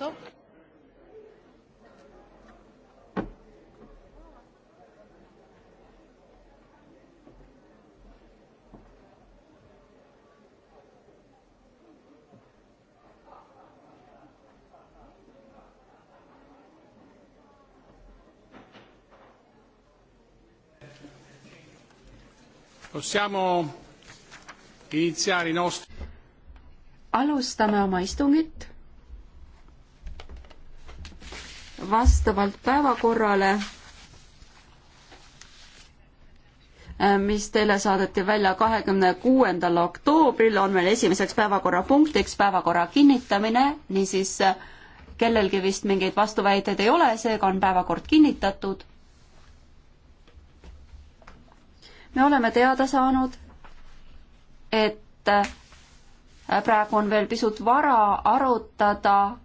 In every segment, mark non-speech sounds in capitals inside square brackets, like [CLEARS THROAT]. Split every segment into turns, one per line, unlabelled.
adesso?
Possiamo iniziare i nostri...
Alustame oma istungit. vastavalt päevakorrale, äh, mis teile saadeti välja kahekümne kuuendal oktoobril, on meil esimeseks päevakorrapunktiks päevakorra kinnitamine, niisiis äh, kellelgi vist mingeid vastuväiteid ei ole, seega on päevakord kinnitatud. me oleme teada saanud, et äh, praegu on veel pisut vara arutada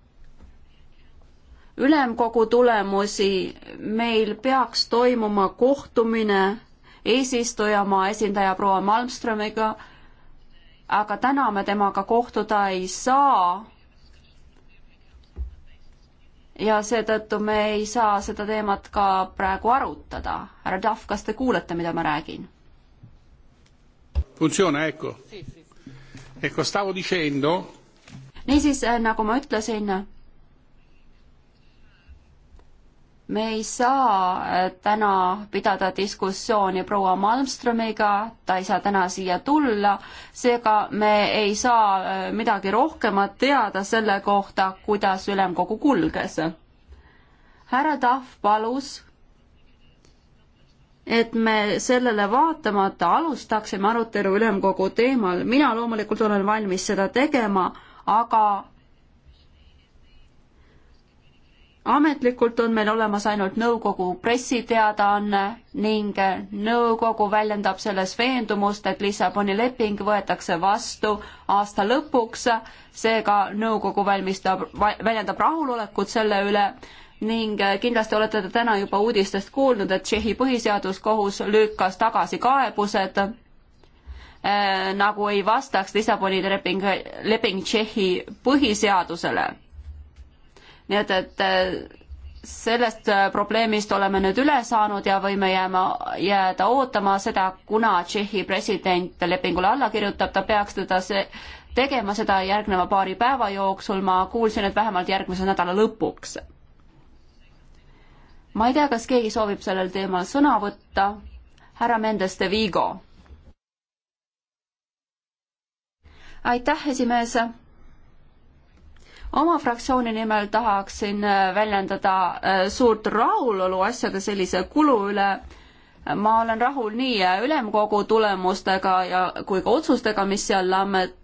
ülemkogu tulemusi, meil peaks toimuma kohtumine eesistujamaa esindaja proua Malmströmiga, aga täna me temaga kohtuda ei saa. ja seetõttu me ei saa seda teemat ka praegu arutada. härra Tahv, kas te kuulete, mida ma räägin? niisiis, nagu ma ütlesin me ei saa äh, täna pidada diskussiooni proua Malmströmiga, ta ei saa täna siia tulla, seega me ei saa äh, midagi rohkemat teada selle kohta, kuidas ülemkogu kulges. härra Tahv palus, et me sellele vaatamata alustaksime arutelu ülemkogu teemal, mina loomulikult olen valmis seda tegema, aga ametlikult on meil olemas ainult nõukogu pressiteadaanne ning nõukogu väljendab selles veendumust, et Lissaboni leping võetakse vastu aasta lõpuks, seega nõukogu valmistab, väljendab rahulolekut selle üle ning kindlasti olete te täna juba uudistest kuulnud, et Tšehhi põhiseaduskohus lükkas tagasi kaebused äh, nagu ei vastaks Lissaboni leping, leping Tšehhi põhiseadusele nii et, et äh, sellest äh, probleemist oleme nüüd üle saanud ja võime jääma, jääda ootama seda, kuna Tšehhi president lepingule alla kirjutab, ta peaks teda see, tegema seda järgneva paari päeva jooksul, ma kuulsin, et vähemalt järgmise nädala lõpuks. ma ei tea, kas keegi soovib sellel teemal sõna võtta. härra Mendes de Vigo. aitäh, esimees oma fraktsiooni nimel tahaksin äh, väljendada äh, suurt rahulolu asjade sellise kulu üle. ma olen rahul nii äh, ülemkogu tulemustega ja kui ka otsustega, mis seal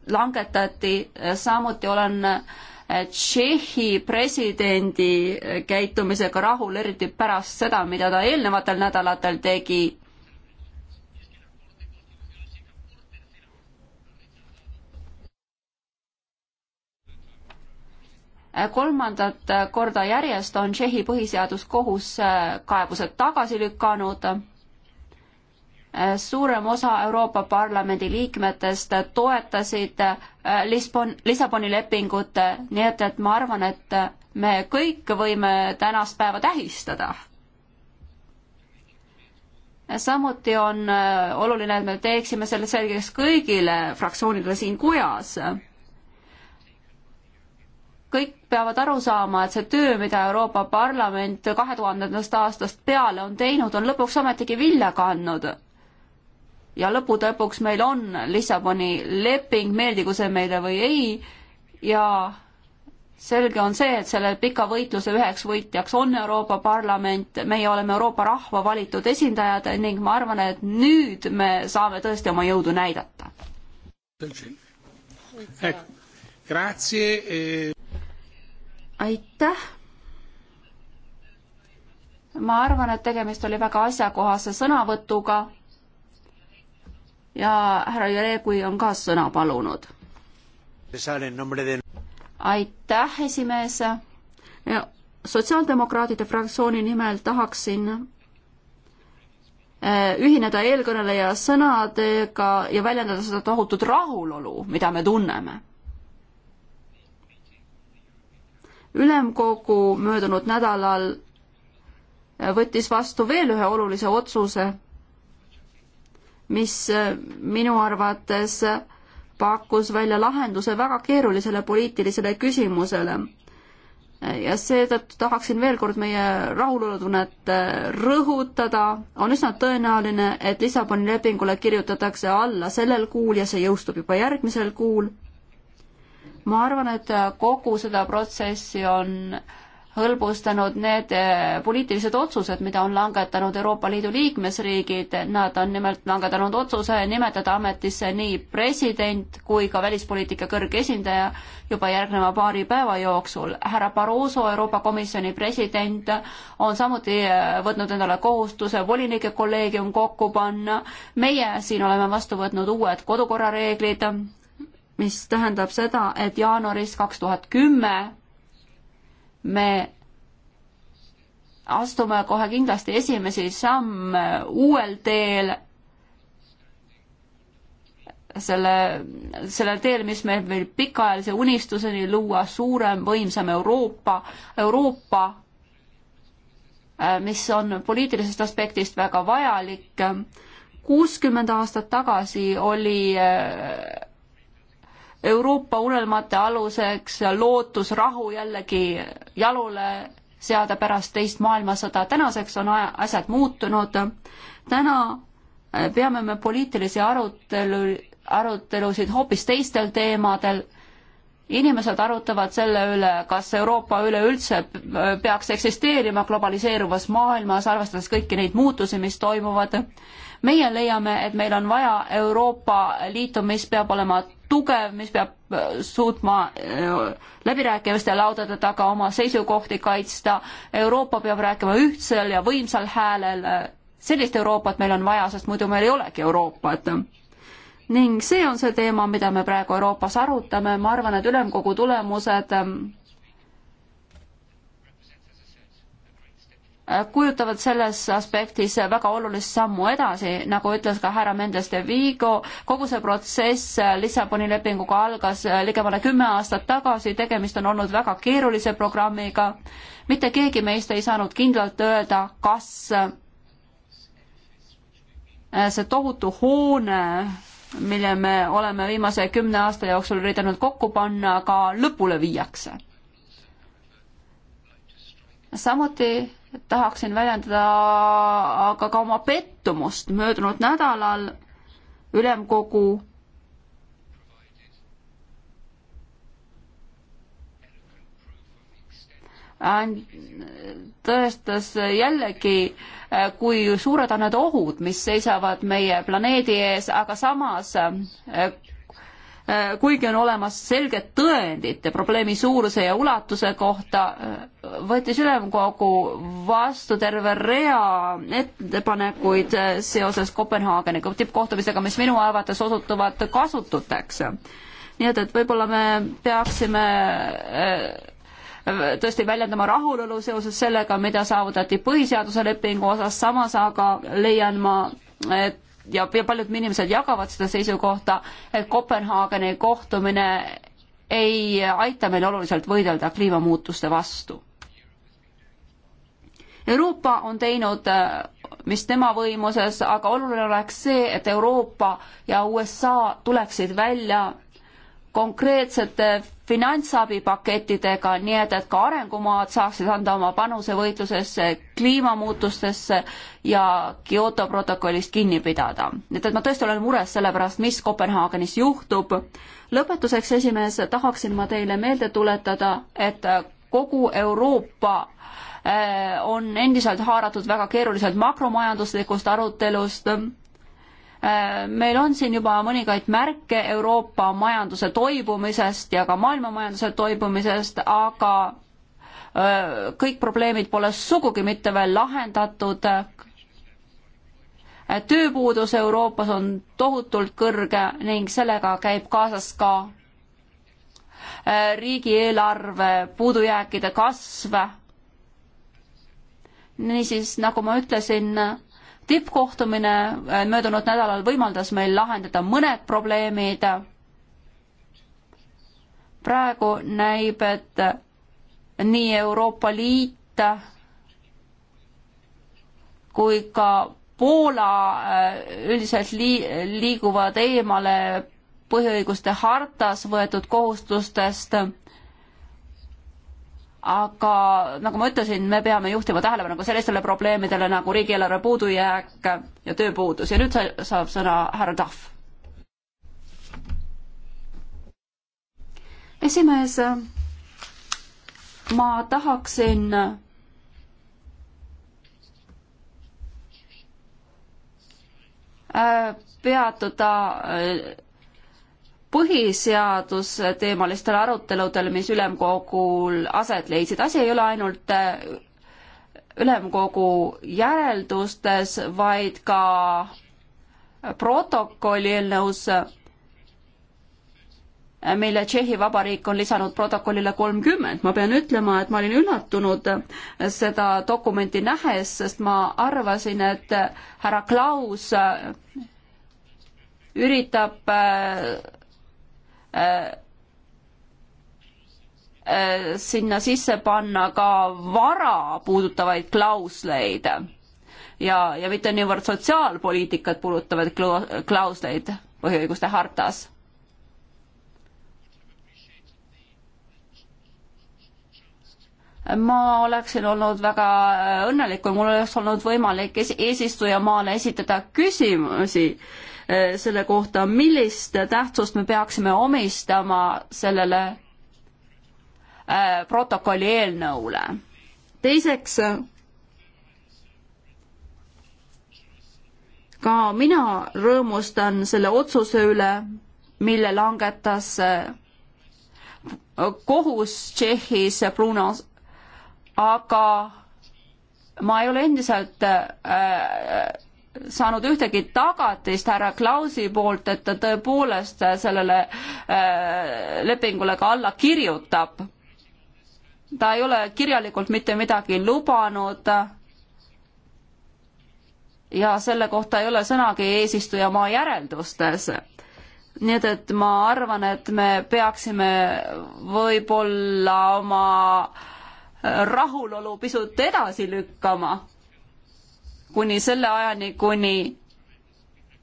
langetati, samuti olen Tšehhi presidendi käitumisega rahul, eriti pärast seda, mida ta eelnevatel nädalatel tegi kolmandat korda järjest on Tšehhi põhiseaduskohus äh, kaebused tagasi lükanud. Äh, suurem osa Euroopa Parlamendi liikmetest toetasid äh, Lisbon, Lissaboni lepingut, nii et, et ma arvan, et me kõik võime tänast päeva tähistada. samuti on oluline, et me teeksime selle selgeks kõigile fraktsioonidele siin kujas kõik peavad aru saama, et see töö, mida Euroopa Parlament kahe tuhandendast aastast peale on teinud, on lõpuks ometigi vilja kandnud. ja lõppude lõpuks meil on Lissaboni leping, meeldigu see meile või ei, ja selge on see, et selle pika võitluse üheks võitjaks on Euroopa Parlament, meie oleme Euroopa rahva valitud esindajad ning ma arvan, et nüüd me saame tõesti oma jõudu näidata.
Grazie. Eh
aitäh! ma arvan, et tegemist oli väga asjakohase sõnavõtuga ja härra Jeregui on ka sõna palunud. aitäh, esimees! sotsiaaldemokraatide fraktsiooni nimel tahaksin eh, ühineda eelkõneleja sõnadega ja väljendada seda tohutut rahulolu, mida me tunneme ülemkogu möödunud nädalal võttis vastu veel ühe olulise otsuse, mis äh, minu arvates pakkus välja lahenduse väga keerulisele poliitilisele küsimusele. ja seetõttu tahaksin veel kord meie rahulolutunnet äh, rõhutada, on üsna tõenäoline, et Lissaboni lepingule kirjutatakse alla sellel kuul ja see jõustub juba järgmisel kuul ma arvan, et kogu seda protsessi on hõlbustanud need eh, poliitilised otsused, mida on langetanud Euroopa Liidu liikmesriigid, nad on nimelt langetanud otsuse nimetada ametisse nii president kui ka välispoliitika kõrge esindaja juba järgneva paari päeva jooksul. härra Barroso, Euroopa Komisjoni president, on samuti eh, võtnud endale kohustuse volinike kolleegium kokku panna, meie siin oleme vastu võtnud uued kodukorrareeglid, mis tähendab seda, et jaanuaris kaks tuhat kümme me astume kohe kindlasti esimesi samme uuel teel, selle, sellel teel, mis meil veel pikaajalise unistuseni luua, suurem, võimsam Euroopa, Euroopa, äh, mis on poliitilisest aspektist väga vajalik. kuuskümmend aastat tagasi oli äh, Euroopa unelmate aluseks lootus rahu jällegi jalule seada pärast teist maailmasõda. tänaseks on asjad muutunud. täna äh, peame me poliitilisi arutelu, arutelusid hoopis teistel teemadel. inimesed arutavad selle üle, kas Euroopa üleüldse äh, peaks eksisteerima globaliseeruvas maailmas, arvestades kõiki neid muutusi, mis toimuvad meie leiame, et meil on vaja Euroopa Liitu, mis peab olema tugev, mis peab äh, suutma äh, läbirääkimiste laudade taga oma seisukohti kaitsta. Euroopa peab rääkima ühtsel ja võimsal häälel. sellist Euroopat meil on vaja, sest muidu meil ei olegi Euroopat. ning see on see teema, mida me praegu Euroopas arutame, ma arvan, et ülemkogu tulemused ähm, kujutavad selles aspektis väga olulist sammu edasi, nagu ütles ka härra Mendes de Vigo, kogu see protsess Lissaboni lepinguga algas ligemale kümme aastat tagasi, tegemist on olnud väga keerulise programmiga, mitte keegi meist ei saanud kindlalt öelda, kas see tohutu hoone, mille me oleme viimase kümne aasta jooksul üritanud kokku panna, ka lõpule viiakse. samuti tahaksin väljendada aga ka oma pettumust möödunud nädalal ülemkogu tõestas jällegi, kui suured on need ohud, mis seisavad meie planeedi ees, aga samas Äh, kuigi on olemas selged tõendid probleemi suuruse ja ulatuse kohta, äh, võttis ülemkogu vastu terve rea ettepanekuid äh, seoses Kopenhaageni tippkohtumisega, mis minu arvates osutuvad kasututeks. nii et, et võib-olla me peaksime tõesti väljendama rahulolu seoses sellega, mida saavutati põhiseaduse lepingu osas, samas aga leian ma, et ja, ja paljud inimesed jagavad seda seisukohta, et Kopenhaageni kohtumine ei aita meil oluliselt võidelda kliimamuutuste vastu. Euroopa on teinud, äh, mis tema võimuses, aga oluline oleks see, et Euroopa ja USA tuleksid välja konkreetsete finantsabipakettidega, nii et, et ka arengumaad saaksid anda oma panuse võitlusesse kliimamuutustesse ja Kyoto protokollist kinni pidada. nii et, et ma tõesti olen mures selle pärast, mis Kopenhaagenis juhtub. lõpetuseks, esimees, tahaksin ma teile meelde tuletada, et kogu Euroopa äh, on endiselt haaratud väga keeruliselt makromajanduslikust arutelust Äh, meil on siin juba mõningaid märke Euroopa majanduse toibumisest ja ka maailma majanduse toibumisest, aga äh, kõik probleemid pole sugugi mitte veel lahendatud. Äh, tööpuudus Euroopas on tohutult kõrge ning sellega käib kaasas ka riigieelarve puudujääkide kasv. niisiis, nagu ma ütlesin tippkohtumine äh, möödunud nädalal võimaldas meil lahendada mõned probleemid. praegu näib, et nii Euroopa Liit kui ka Poola äh, üldiselt lii-, liiguvad eemale põhiõiguste hartas võetud kohustustest aga nagu ma ütlesin, me peame juhtima tähelepanu ka sellistele probleemidele nagu riigieelarve puudujääk ja tööpuudus ja nüüd sa, saab sõna härra Tahv. esimees, ma tahaksin peatuda põhiseaduse teemalistel aruteludel, mis ülemkogul aset leidsid. asi ei ole ainult äh, ülemkogu järeldustes, vaid ka protokolli eelnõus, mille Tšehhi Vabariik on lisanud protokollile kolmkümmend. ma pean ütlema, et ma olin üllatunud seda dokumenti nähes, sest ma arvasin, et härra Klaus üritab äh, sinna sisse panna ka vara puudutavaid klausleid ja, ja mitte niivõrd sotsiaalpoliitikat puudutavaid klausleid põhiõiguste hartas. ma oleksin olnud väga õnnelik, kui mul oleks olnud võimalik eesistujamaale esitada küsimusi äh, Äh, selle kohta, millist tähtsust me peaksime omistama sellele äh, protokolli eelnõule. teiseks, ka mina rõõmustan selle otsuse üle, mille langetas äh, kohus Tšehhis Brunos, aga ma ei ole endiselt äh, saanud ühtegi tagatist härra Klausi poolt, et ta tõepoolest sellele äh, lepingule ka alla kirjutab. ta ei ole kirjalikult mitte midagi lubanud ja selle kohta ei ole sõnagi eesistujamaa järeldustes. nii et, et ma arvan, et me peaksime võib-olla oma rahulolu pisut edasi lükkama kuni selle ajani, kuni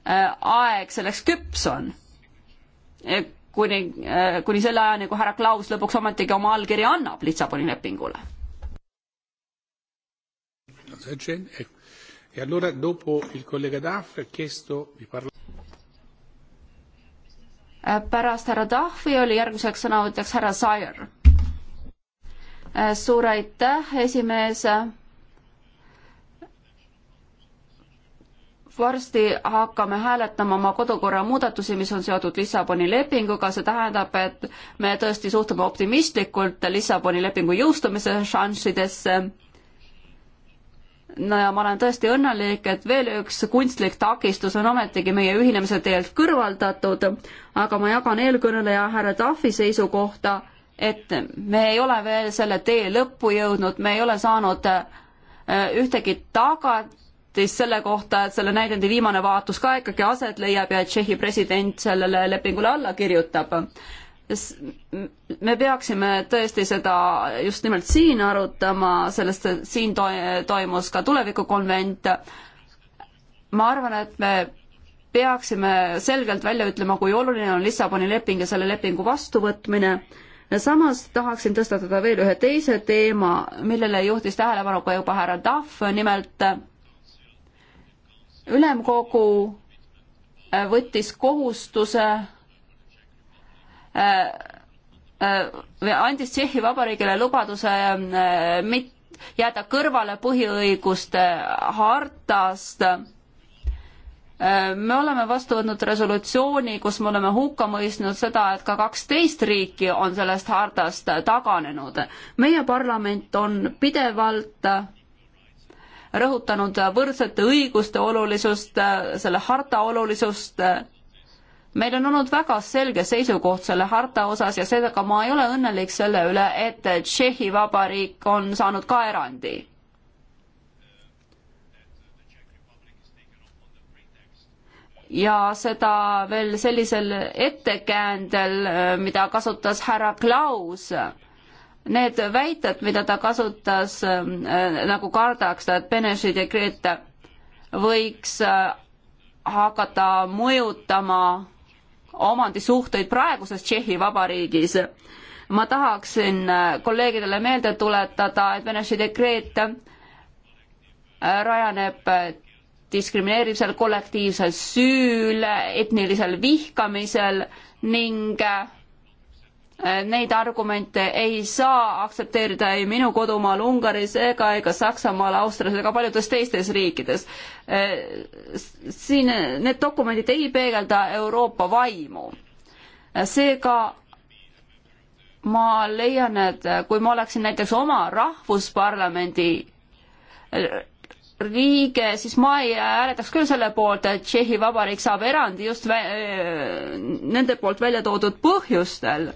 äh, aeg selleks küps on. Eh, kuni, äh, kuni selle ajani, kui härra Klaus lõpuks ometigi oma allkirja annab Lissaboni lepingule. E äh, pärast härra Tahvi oli järgmiseks sõnavõtjaks härra Sayer. suur aitäh, esimees varsti hakkame hääletama oma kodukorra muudatusi, mis on seotud Lissaboni lepinguga, see tähendab, et me tõesti suhtume optimistlikult Lissaboni lepingu jõustumise šanssidesse. no ja ma olen tõesti õnnelik, et veel üks kunstlik takistus on ometigi meie ühinemise teelt kõrvaldatud, aga ma jagan eelkõneleja härra Tahvi seisukohta, et me ei ole veel selle tee lõppu jõudnud, me ei ole saanud äh, ühtegi tagat, teatis selle kohta, et selle näidendi viimane vaatus ka ikkagi aset leiab ja et Tšehhi president sellele lepingule alla kirjutab. me peaksime tõesti seda just nimelt siin arutama, sellest siin to toimus ka tulevikukonvent. ma arvan, et me peaksime selgelt välja ütlema, kui oluline on Lissaboni leping ja selle lepingu vastuvõtmine ja samas tahaksin tõstatada veel ühe teise teema, millele juhtis tähelepanu ka juba härra Tahv, nimelt ülemkogu äh, võttis kohustuse äh,
äh,
andis Tšehhi Vabariigile lubaduse mit-, jääda kõrvale põhiõiguste hartast. me oleme vastu võtnud resolutsiooni, kus me oleme hukka mõistnud seda, et ka kaksteist riiki on sellest hartast taganenud. meie parlament on pidevalt rõhutanud võrdsete õiguste olulisust, selle harta olulisust. meil on olnud väga selge seisukoht selle harta osas ja seega ma ei ole õnnelik selle üle, et Tšehhi Vabariik on saanud ka erandi. ja seda veel sellisel ettekäändel, mida kasutas härra Klaus Need väited, mida ta kasutas ähm, äh, nagu kardaks ta, et Benesi dekreet võiks äh, hakata mõjutama omandisuhteid praeguses Tšehhi Vabariigis. ma tahaksin äh, kolleegidele meelde tuletada, et Benesi dekreet rajaneb diskrimineerimisel, kollektiivsel süül, etnilisel vihkamisel ning Äh, neid argumente ei saa aktsepteerida ei minu kodumaal Ungaris ega, ega Saksamaal, Austrias ega paljudes teistes riikides. Äh, siin need dokumendid ei peegelda Euroopa vaimu. Äh, seega ma leian, et kui ma oleksin näiteks oma rahvusparlamendi liige, siis ma ei hääletaks küll selle poolt, et Tšehhi Vabariik saab erandi just nende poolt välja toodud põhjustel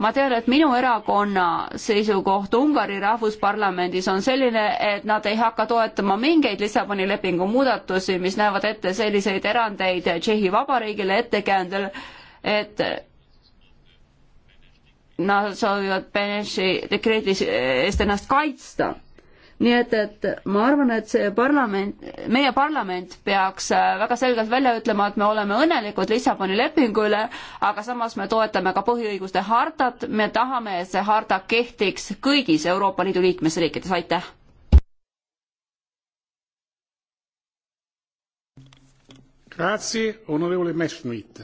ma tean, et minu erakonna seisukoht Ungari rahvusparlamendis on selline, et nad ei hakka toetama mingeid Lissaboni lepingu muudatusi, mis näevad ette selliseid erandeid Tšehhi Vabariigile ettekäändel, et nad soovivad Beneši dekreedis eest ennast kaitsta nii et, et ma arvan, et see parlament, meie parlament peaks äh, väga selgelt välja ütlema, et me oleme õnnelikud Lissaboni lepingu üle, aga samas me toetame ka põhiõiguste hartat, me tahame, et see harta kehtiks kõigis Euroopa Liidu liikmesriikides, aitäh!
Grazie, onorevole Messerschmidt.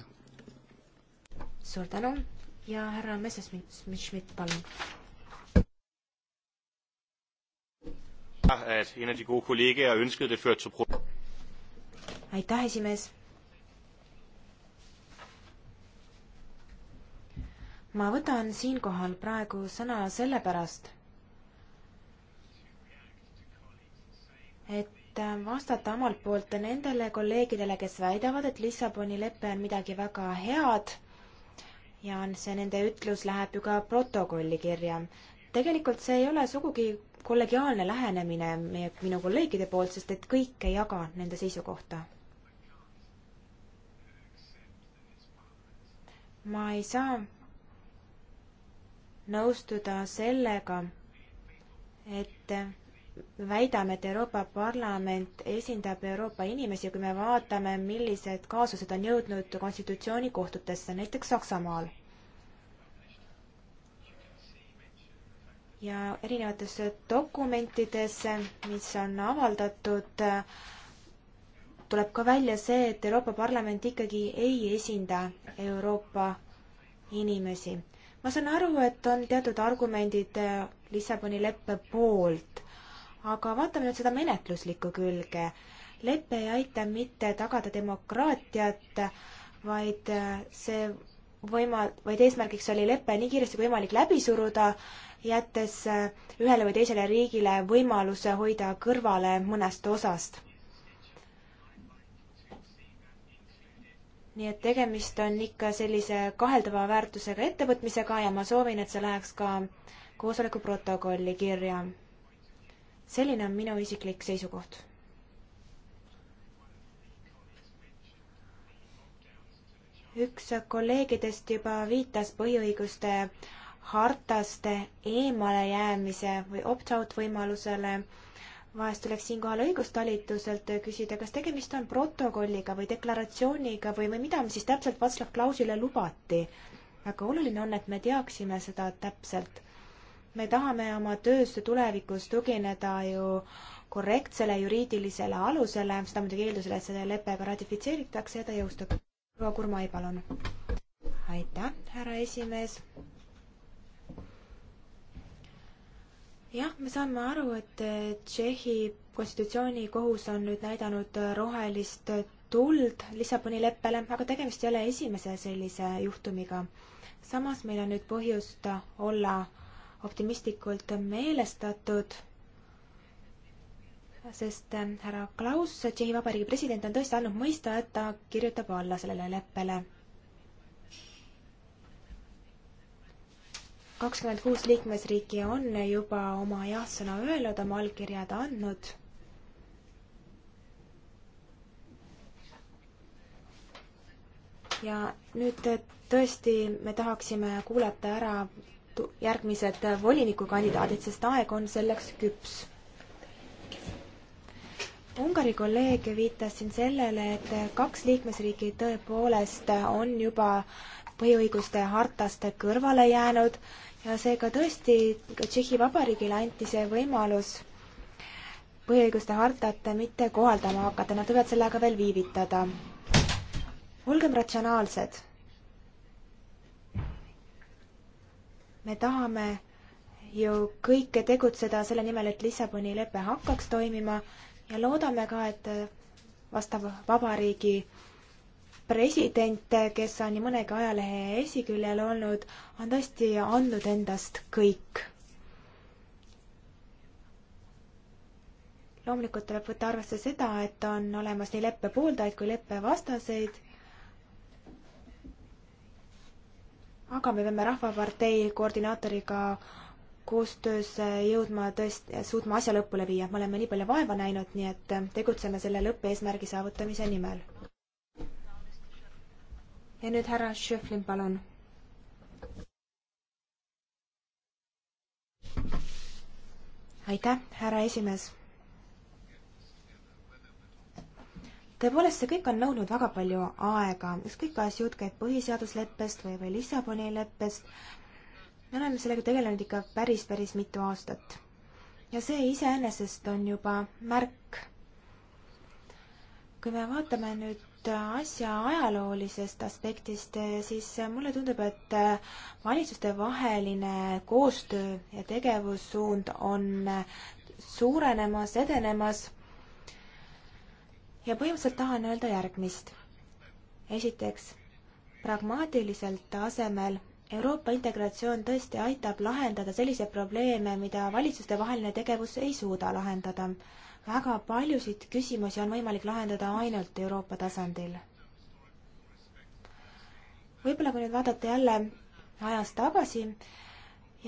suur tänu ja härra Messerschmidt, palun Ah, aitäh, esimees. ma võtan siinkohal praegu sõna sellepärast, et vastata omalt poolt nendele kolleegidele, kes väidavad, et Lissaboni lepe on midagi väga head ja on see nende ütlus läheb ju ka protokolli kirja. tegelikult see ei ole sugugi kollegiaalne lähenemine meie, minu kolleegide poolt, sest et kõik ei jaga nende seisukohta. ma ei saa nõustuda sellega, et väidame, et Euroopa Parlament esindab Euroopa inimesi, kui me vaatame, millised kaasused on jõudnud konstitutsioonikohtutesse, näiteks Saksamaal ja erinevates dokumentides, mis on avaldatud, tuleb ka välja see, et Euroopa Parlament ikkagi ei esinda Euroopa inimesi. ma saan aru, et on teatud argumendid Lissaboni leppe poolt, aga vaatame nüüd seda menetluslikku külge. lepe ei aita mitte tagada demokraatiat, vaid see võima-, vaid eesmärgiks oli lepe nii kiiresti kui võimalik läbi suruda, jättes äh, ühele või teisele riigile võimaluse hoida kõrvale mõnest osast. nii et tegemist on ikka sellise kaheldava väärtusega ettevõtmisega ja ma soovin, et see läheks ka koosoleku protokolli kirja. selline on minu isiklik seisukoht üks kolleegidest juba viitas põhiõiguste hartast eemalejäämise või opt-out võimalusele. vahest tuleks siinkohal õigustalituselt küsida, kas tegemist on protokolliga või deklaratsiooniga või, või mida siis täpselt Václav Klausile lubati. väga oluline on, et me teaksime seda täpselt. me tahame oma töös tulevikus tugineda ju korrektsele juriidilisele alusele, seda muidugi eeldusel, et see lepe ka ratifitseeritakse ja ta jõustub proua Kurmai, palun. aitäh, härra esimees. jah, me saame aru, et Tšehhi konstitutsioonikohus on nüüd näidanud rohelist tuld Lissaboni leppele, aga tegemist ei ole esimese sellise juhtumiga. samas meil on nüüd põhjust olla optimistlikult meelestatud sest ähm, härra Klaus, Tšehhi Vabariigi president, on tõesti andnud mõista, et ta kirjutab alla sellele leppele. kakskümmend kuus liikmesriiki on juba oma jah-sõna öelnud, oma allkirjad andnud. ja nüüd äh, tõesti me tahaksime kuulata ära järgmised äh, volinikukandidaadid, sest aeg on selleks küps Ungari kolleeg viitas siin sellele, et kaks liikmesriiki tõepoolest on juba põhiõiguste hartast kõrvale jäänud ja seega tõesti ka Tšehhi Vabariigile anti see võimalus põhiõiguste hartat mitte kohaldama hakata, nad võivad sellega veel viivitada. olgem ratsionaalsed. me tahame ju kõike tegutseda selle nimel, et Lissaboni lepe hakkaks toimima ja loodame ka, et vastav vabariigi president, kes on nii mõnegi ajalehe esiküljel olnud, on tõesti andnud endast kõik. loomulikult tuleb võtta arvesse seda, et on olemas nii leppe pooldajaid kui leppe vastaseid. aga me peame Rahvapartei koordinaatoriga koostöös jõudma tõest-, suutma asja lõpule viia, me oleme nii palju vaeva näinud, nii et tegutseme selle lõppeesmärgi saavutamise nimel. ja nüüd härra Schöflin, palun. aitäh, härra esimees. tõepoolest, see kõik on nõudnud väga palju aega, ükskõik kas jutt käib põhiseadusleppest või, või Lissaboni leppest me oleme sellega tegelenud ikka päris, päris mitu aastat. ja see iseenesest on juba märk. kui me vaatame nüüd asja ajaloolisest aspektist, siis mulle tundub, et valitsustevaheline koostöö ja tegevussuund on suurenemas, edenemas. ja põhimõtteliselt tahan öelda järgmist. esiteks, pragmaatiliselt tasemel Euroopa integratsioon tõesti aitab lahendada selliseid probleeme, mida valitsustevaheline tegevus ei suuda lahendada. väga paljusid küsimusi on võimalik lahendada ainult Euroopa tasandil. võib-olla kui nüüd vaadata jälle ajas tagasi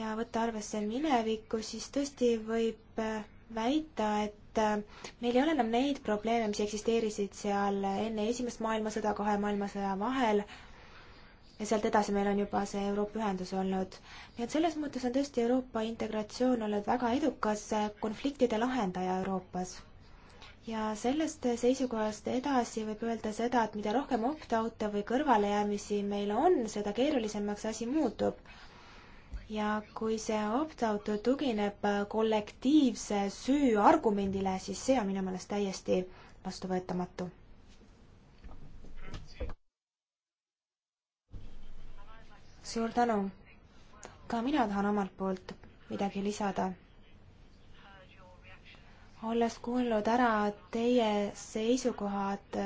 ja võtta arvesse minevikku, siis tõesti võib väita, et äh, meil ei ole enam neid probleeme, mis eksisteerisid seal enne Esimest maailmasõda, kahe maailmasõja vahel ja sealt edasi meil on juba see Euroopa ühendus olnud. nii et selles mõttes on tõesti Euroopa integratsioon olnud väga edukas konfliktide lahendaja Euroopas. ja sellest seisukohast edasi võib öelda seda, et mida rohkem opt-out'e või kõrvalejäämisi meil on, seda keerulisemaks asi muutub. ja kui see opt-out tugineb kollektiivse süü argumendile, siis see on minu meelest täiesti vastuvõetamatu suur tänu! ka mina tahan omalt poolt midagi lisada. olles kuulnud ära teie seisukohad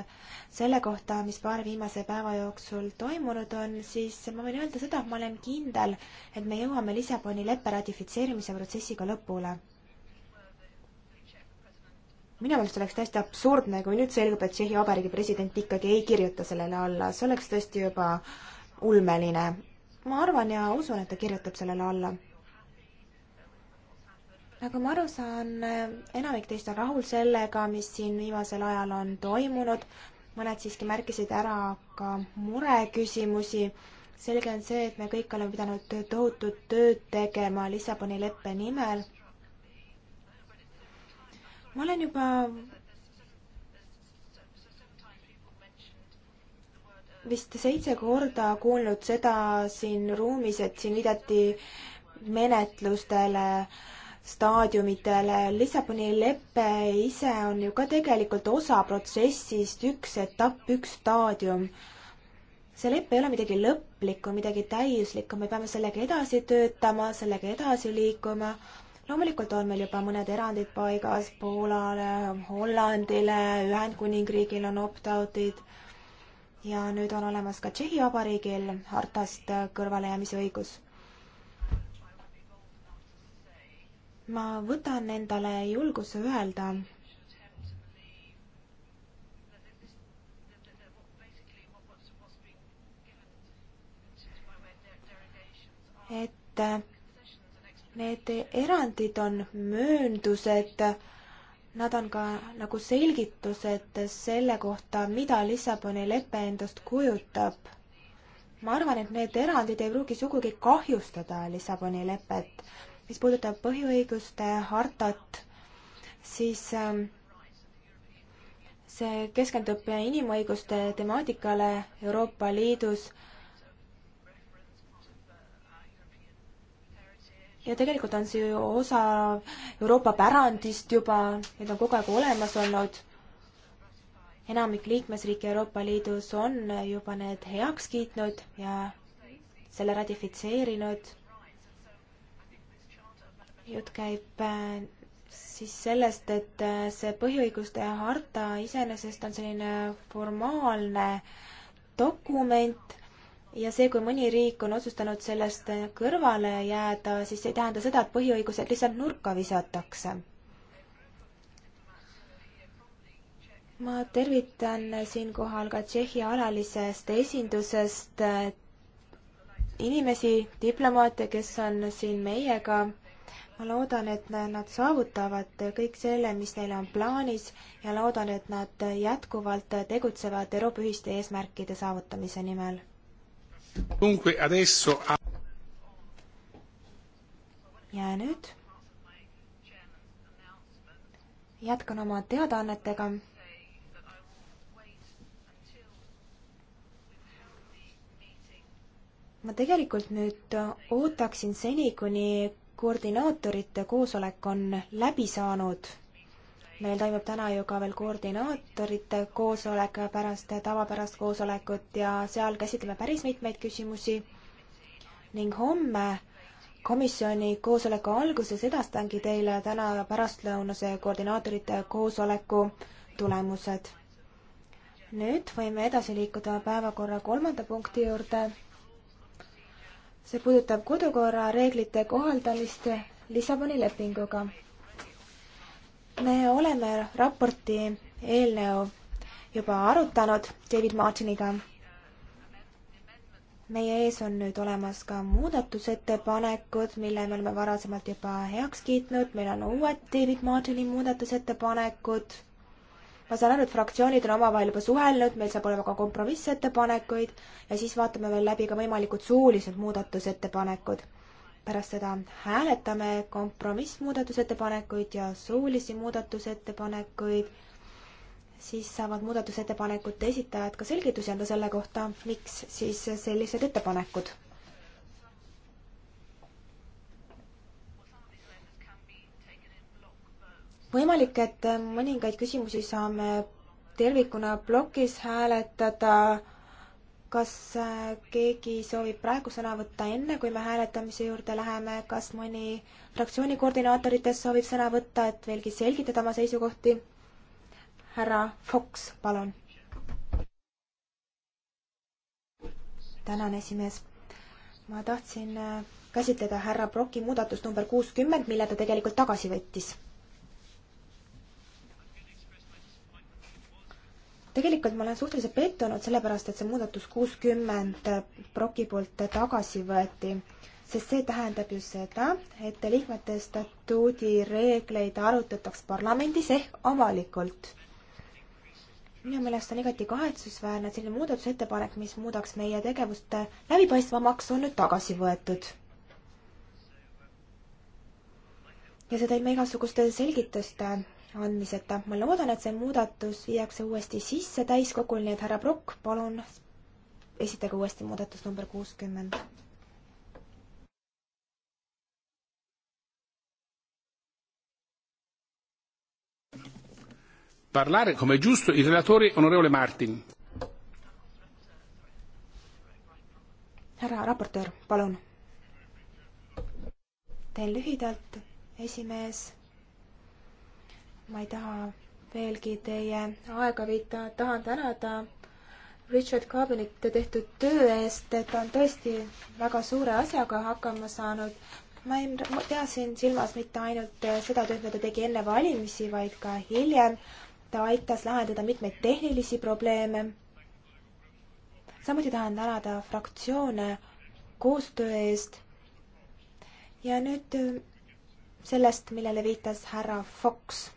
selle kohta, mis paari viimase päeva jooksul toimunud on, siis ma võin öelda seda, et ma olen kindel, et me jõuame Lissaboni leppe ratifitseerimise protsessiga lõpule minu meelest oleks täiesti absurdne, kui nüüd selgub, et Tšehhi Vabariigi president ikkagi ei kirjuta sellele alla, see oleks tõesti juba ulmeline ma arvan ja usun, et ta kirjutab sellele alla. nagu ma aru saan, enamik teist on rahul sellega, mis siin viimasel ajal on toimunud, mõned siiski märkisid ära ka mureküsimusi. selge on see, et me kõik oleme pidanud tohutut tööd tegema Lissaboni leppe nimel. ma olen juba vist seitse korda kuulnud seda siin ruumis, et siin viidati menetlustele, staadiumitele, Lissaboni lepe ise on ju ka tegelikult osa protsessist, üks etapp, üks staadium see lepp ei ole midagi lõplikku, midagi täiuslikku, me peame sellega edasi töötama, sellega edasi liikuma. loomulikult on meil juba mõned erandid paigas Poolale, Hollandile, Ühendkuningriigil on opt-out'id ja nüüd on olemas ka Tšehhi Vabariigil hartast kõrvalejäämise õigus. ma võtan endale julguse öelda, et need erandid on mööndused nad on ka nagu selgitused selle kohta, mida Lissaboni lepe endast kujutab. ma arvan, et need erandid ei pruugi sugugi kahjustada Lissaboni lepet. mis puudutab põhiõiguste hartat, siis ähm, see keskendub inimõiguste temaatikale Euroopa Liidus ja tegelikult on see ju osa Euroopa pärandist juba, need on kogu aeg olemas olnud. enamik liikmesriike Euroopa Liidus on juba need heaks kiitnud ja selle ratifitseerinud. jutt käib äh, siis sellest, et äh, see põhiõiguste harta iseenesest on selline formaalne dokument ja see, kui mõni riik on otsustanud sellest kõrvale jääda, siis ei tähenda seda, et põhiõigused lihtsalt nurka visatakse. ma tervitan siinkohal ka Tšehhi alalisest esindusest inimesi, diplomaate, kes on siin meiega. ma loodan, et nad saavutavad kõik selle, mis neil on plaanis ja loodan, et nad jätkuvalt tegutsevad Euroopa ühiste eesmärkide saavutamise nimel ja nüüd jätkan oma teadaannetega. ma tegelikult nüüd ootaksin seni, kuni koordinaatorite koosolek on läbi saanud meil toimub täna ju ka veel koordinaatorite koosolek pärast tavapärast koosolekut ja seal käsitleme päris mitmeid küsimusi. ning homme komisjoni koosoleku alguses edastangi teile täna pärastlõunase koordinaatorite koosoleku tulemused. nüüd võime edasi liikuda päevakorra kolmanda punkti juurde. see puudutab kodukorra reeglite kohaldamist Lissaboni lepinguga me oleme raporti eelnõu juba arutanud David Martiniga. meie ees on nüüd olemas ka muudatusettepanekud, mille me oleme varasemalt juba heaks kiitnud, meil on uued David Martini muudatusettepanekud. ma saan aru, et fraktsioonid on omavahel juba suhelnud, meil saab olema ka kompromissettepanekuid ja siis vaatame veel läbi ka võimalikud suulised muudatusettepanekud pärast seda hääletame kompromissmuudatusettepanekuid ja suulisi muudatusettepanekuid, siis saavad muudatusettepanekute esitajad ka selgitusi anda selle kohta, miks siis sellised ettepanekud. võimalik, et mõningaid küsimusi saame tervikuna plokis hääletada kas äh, keegi soovib praegu sõna võtta enne, kui me hääletamise juurde läheme, kas mõni fraktsiooni koordinaatoritest soovib sõna võtta, et veelgi selgitada oma seisukohti? härra Fox, palun. tänan, esimees. ma tahtsin äh, käsitleda härra Broki muudatust number kuuskümmend, mille ta tegelikult tagasi võttis tegelikult ma olen suhteliselt pettunud, sellepärast et see muudatus kuuskümmend Proki poolt tagasi võeti, sest see tähendab ju seda, et liikmete statuudi reegleid arutataks parlamendis ehk avalikult. minu meelest on igati kahetsusväärne, et selline muudatusettepanek, mis muudaks meie tegevust läbipaistvamaks, on nüüd tagasi võetud ja seda ilma igasuguste selgituste andmiseta. ma loodan, et see muudatus viiakse uuesti sisse täiskogul, nii et härra Prokk, palun esitage uuesti muudatus number kuuskümmend.
Parlare come giusto il relatore onorevole Martin.
härra raportöör, palun. teen lühidalt, esimees ma ei taha veelgi teie aega viita, tahan tänada Richard Carbonit tehtud töö eest, et ta on tõesti väga suure asjaga hakkama saanud. ma ei pea siin silmas mitte ainult seda tööd, mida ta tegi enne valimisi, vaid ka hiljem. ta aitas lahendada mitmeid tehnilisi probleeme. samuti tahan tänada fraktsioone koostöö eest. ja nüüd sellest, millele viitas härra Fox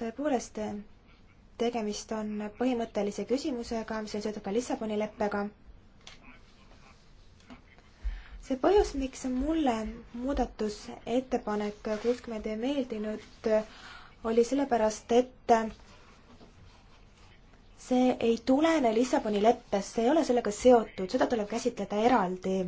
tõepoolest, tegemist on põhimõttelise küsimusega, mis on seotud ka Lissaboni leppega. see põhjus, miks mulle muudatusettepanek kuuskümmend ei meeldinud, oli sellepärast, et see ei tulene Lissaboni leppest, see ei ole sellega seotud, seda tuleb käsitleda eraldi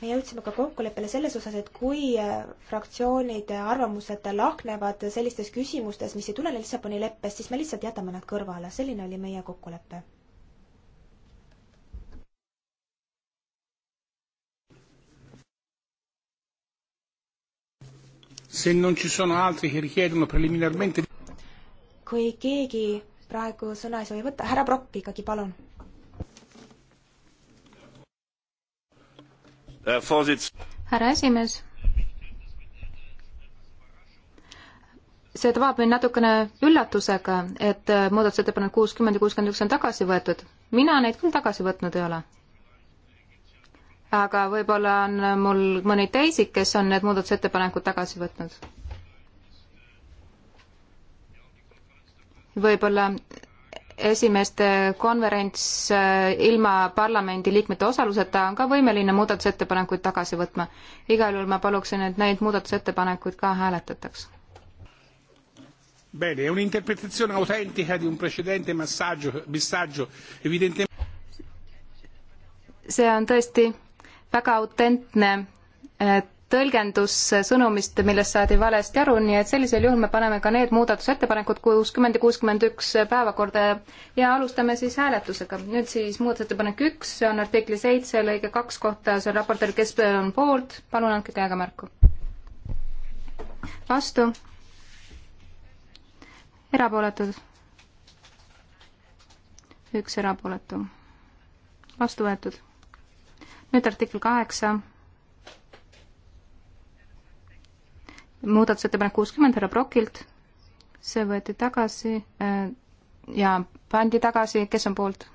me jõudsime ka kokkuleppele selles osas, et kui äh, fraktsioonide äh, arvamused lahknevad sellistes küsimustes, mis ei tulene Lissaboni leppest, siis me lihtsalt jätame nad kõrvale, selline oli meie kokkulepe
Se non ci sono altri che richiedono preliminarmente...
Kui keegi praegu sõna ei soovi võtta, härra Brock ikkagi, palun. Äh, härra esimees,
see tabab mind natukene üllatusega, et äh, muudatusettepanek kuuskümmend ja kuuskümmend üks on tagasi võetud. mina neid küll tagasi võtnud ei ole. aga võib-olla on mul mõni teisik, kes on need muudatusettepanekud tagasi võtnud. võib-olla esimeeste konverents äh, ilma parlamendiliikmete osaluseta on ka võimeline muudatusettepanekuid tagasi võtma. igal juhul ma paluksin, et neid muudatusettepanekuid ka hääletataks.
Bene, è un'interpretazione autentica di un precedente massaggio, messaggio evidentemente.
see on tõesti väga autentne tõlgendus sõnumist, millest saadi valesti aru, nii et sellisel juhul me paneme ka need muudatusettepanekud kuuskümmend ja kuuskümmend üks päevakorda ja, ja alustame siis hääletusega. nüüd siis muudatusettepanek üks, see on artikli seitse lõige kaks kohta, see on raportöör, kes on poolt, palun andke käega märku. vastu. erapooletud. üks erapooletu. vastu võetud. nüüd artikkel kaheksa muudatusettepanek kuuskümmend härra Brokilt, see võeti tagasi äh, ja pandi tagasi, kes on poolt?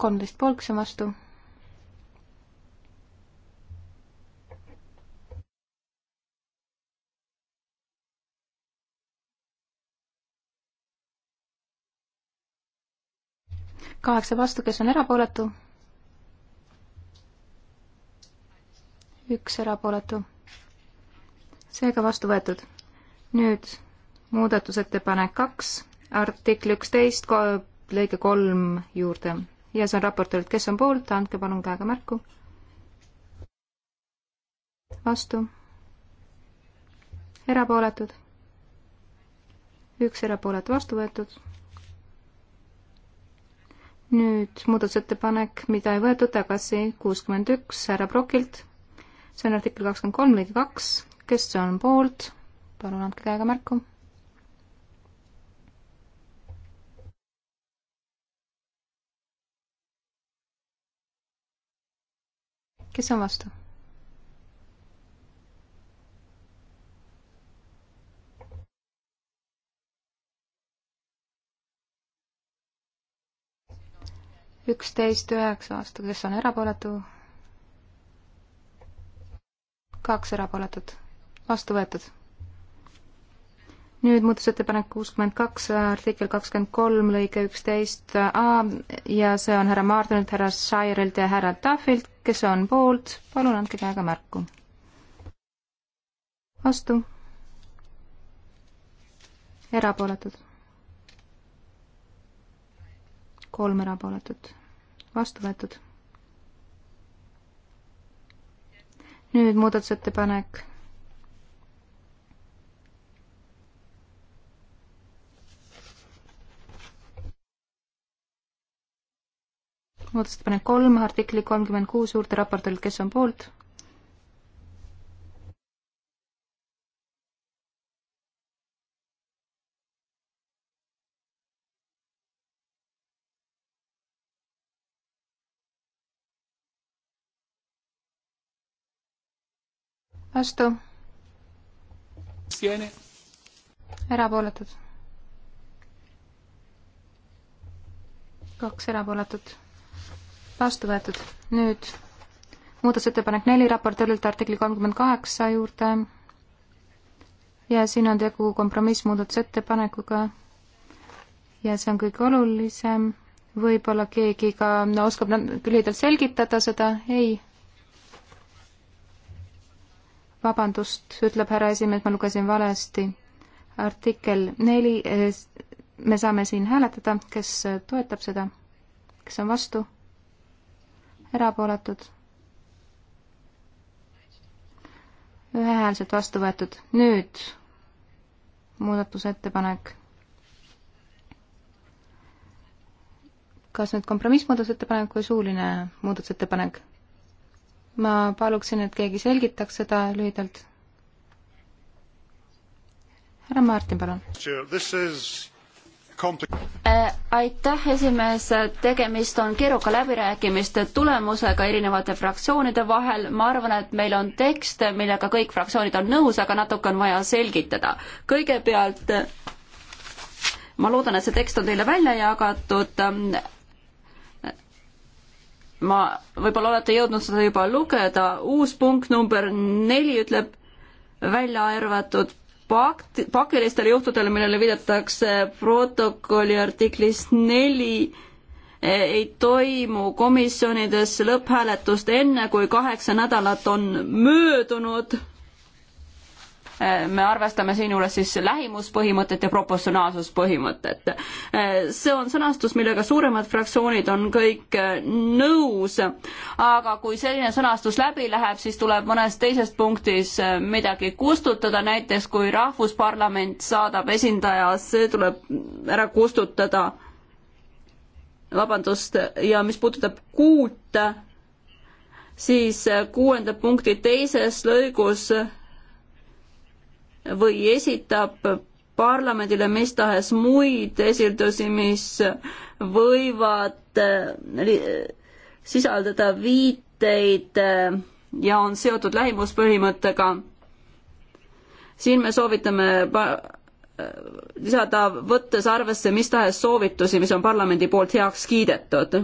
kolmteist poolt, kes on vastu? kaheksa vastu, kes on erapooletu? üks erapooletu. seega vastu võetud. nüüd muudatusettepanek kaks, artikli üksteist, lõige kolm juurde ja see on raportöölt, kes on poolt, andke palun käega märku. vastu. erapooletud. üks erapooletu vastu võetud nüüd muudatusettepanek, mida ei võetud tagasi, kuuskümmend üks härra Brokilt. see on artikkel kakskümmend kolm lõige kaks, kes on poolt, palun andke käega märku. kes on vastu? üksteist üheksa vastu, kes on erapooletu? kaks erapooletut, vastu võetud. nüüd muudatusettepanek kuuskümmend kaks, artikkel kakskümmend kolm, lõige üksteist A ja see on härra Maardonilt, härra Shirelt ja härra Tahvilt, kes on poolt, palun andke käega märku. vastu. erapooletud kolm erapooletut vastu võetud. nüüd muudatusettepanek. muudatusettepanek kolm, artikli kolmkümmend kuus juurde raportöörilt, kes on poolt vastu. erapooletud. kaks erapooletut. vastu võetud. nüüd muudatusettepanek neli raportöörilt artikli kolmkümmend kaheksa juurde. ja siin on tegu kompromissmuudatusettepanekuga. ja see on kõige olulisem. võib-olla keegi ka no, oskab küll lühidalt selgitada seda, ei vabandust, ütleb härra esimees, ma lugesin valesti. artikkel neli, me saame siin hääletada, kes toetab seda, kes on vastu, erapooletud, ühehäälselt vastu võetud. nüüd muudatusettepanek. kas nüüd kompromissmuudatusettepanek või suuline muudatusettepanek? ma paluksin, et keegi selgitaks seda lühidalt. härra Martin, palun.
Äh, aitäh, esimees, tegemist on keeruka läbirääkimiste tulemusega erinevate fraktsioonide vahel, ma arvan, et meil on tekst, millega kõik fraktsioonid on nõus, aga natuke on vaja selgitada. kõigepealt ma loodan, et see tekst on teile välja jagatud ma, võib-olla olete jõudnud seda juba lugeda, uus punkt number neli ütleb välja arvatud pakt, pakilistel juhtudel, millele viidatakse protokolli artiklis neli, e, ei toimu komisjonides lõpphääletust enne, kui kaheksa nädalat on möödunud me arvestame siinjuures siis lähimuspõhimõtet ja proportsionaalsuspõhimõtet. see on sõnastus, millega suuremad fraktsioonid on kõik nõus, aga kui selline sõnastus läbi läheb, siis tuleb mõnes teises punktis midagi kustutada, näiteks kui Rahvusparlament saadab esindaja, see tuleb ära kustutada. vabandust, ja mis puudutab kuut, siis kuuenda punkti teises lõigus või esitab parlamendile mis tahes muid esildusi, mis võivad äh, sisaldada viiteid äh, ja on seotud lähimuspõhimõttega. siin me soovitame äh, lisada, võttes arvesse mis tahes soovitusi, mis on parlamendi poolt heaks kiidetud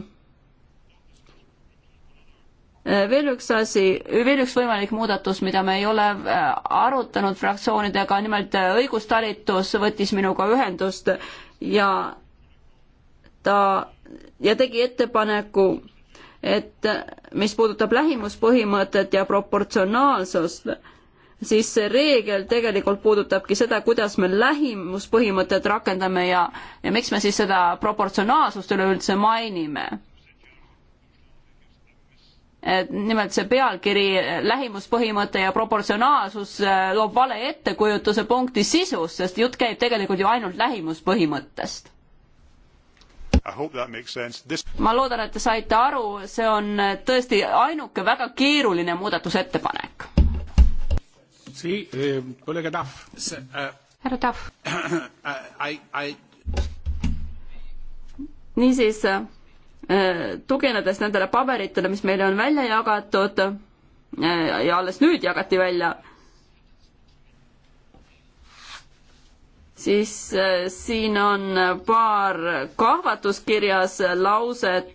Äh, veel üks asi, veel üks võimalik muudatus, mida me ei ole äh, arutanud fraktsioonidega, nimelt äh, õigustalitus võttis minuga ühendust ja ta ja tegi ettepaneku, et mis puudutab lähimuspõhimõtet ja proportsionaalsust, siis see reegel tegelikult puudutabki seda, kuidas me lähimuspõhimõtet rakendame ja, ja miks me siis seda proportsionaalsust üleüldse mainime nimelt see pealkiri lähimuspõhimõte ja proportsionaalsus äh, loob vale ettekujutuse punkti sisust, sest jutt käib tegelikult ju ainult lähimuspõhimõttest. This... ma loodan, et te saite aru, see on äh, tõesti ainuke väga keeruline muudatusettepanek. Eh, eh, härra Tahv.
[CLEARS THROAT]
niisiis äh, Äh, tuginedes nendele paberitele, mis meile on välja jagatud äh, ja alles nüüd jagati välja, siis äh, siin on paar kahvatuskirjas lauset.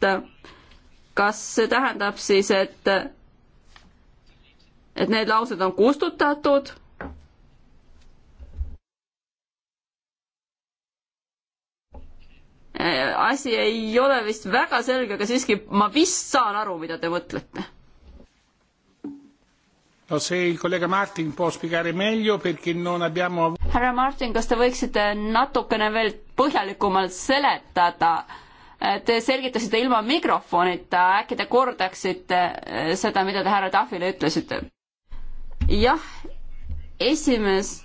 kas see tähendab siis, et, et need laused on kustutatud? Äh, asi ei ole vist väga selge, aga siiski ma vist saan aru, mida
te mõtlete. No se il collega Martin può spiegare meglio perché non abbiamo...
härra Martin, kas te võiksite natukene veel põhjalikumalt seletada? Äh, te selgitasite ilma mikrofonita, äkki te kordaksite äh, seda, mida te härra Tahvile ütlesite? jah, esimees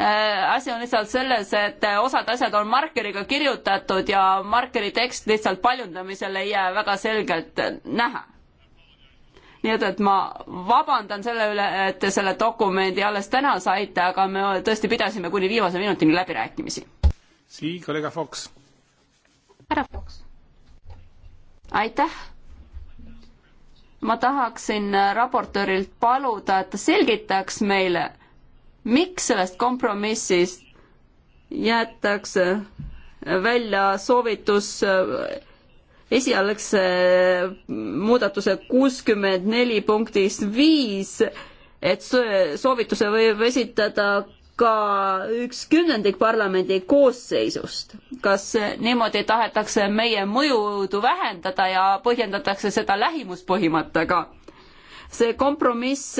Äh, asi on lihtsalt selles, et äh, osad asjad on markeriga kirjutatud ja markeri tekst lihtsalt paljundamisel ei jää väga selgelt äh, näha. nii et, et ma vabandan selle üle, et te selle dokumendi alles täna saite, aga me tõesti pidasime kuni viimase minutini
läbirääkimisi. Sii, kolleeg Fox.
härra
Fox. aitäh ma tahaksin raportöörilt paluda, et ta selgitaks meile miks sellest kompromissist jäetakse välja soovitus äh, esialgse äh, muudatuse kuuskümmend neli punktist viis, et soovituse võib esitada ka üks kümnendik parlamendi koosseisust. kas niimoodi tahetakse meie mõjujõudu vähendada ja põhjendatakse seda lähimuspõhimõttega? see kompromiss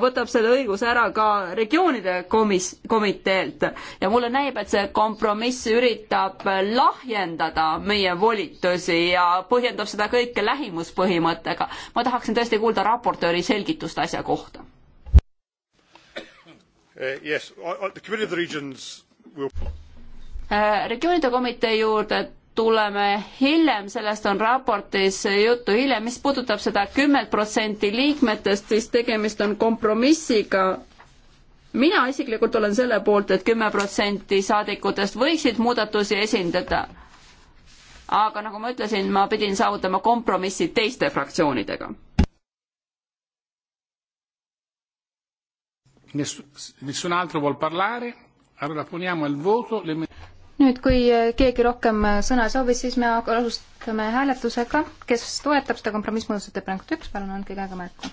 võtab selle õiguse ära ka regioonide komis-, komiteelt ja mulle näib, et see kompromiss üritab lahjendada meie volitusi ja põhjendab seda kõike lähimuspõhimõttega. ma tahaksin tõesti kuulda raportööri selgitust asja kohta.
Eh, yes, the Committee of the Regions will
eh, regioonide komitee juurde tuleme hiljem, sellest on raportis juttu hiljem, mis puudutab seda kümmet protsenti liikmetest, siis tegemist on kompromissiga. mina isiklikult olen selle poolt et, et kümme protsenti saadikutest võiksid muudatusi esindada. aga nagu ma ütlesin, ma pidin saavutama kompromissi teiste fraktsioonidega.
Nessun altro vuol parlare? Allora poniamo al voto le
nüüd, kui äh, keegi rohkem äh, sõna ei soovi, siis me alustame hääletusega. kes toetab seda kompromissmuudatusettepanekut üks, palun andke käega märku.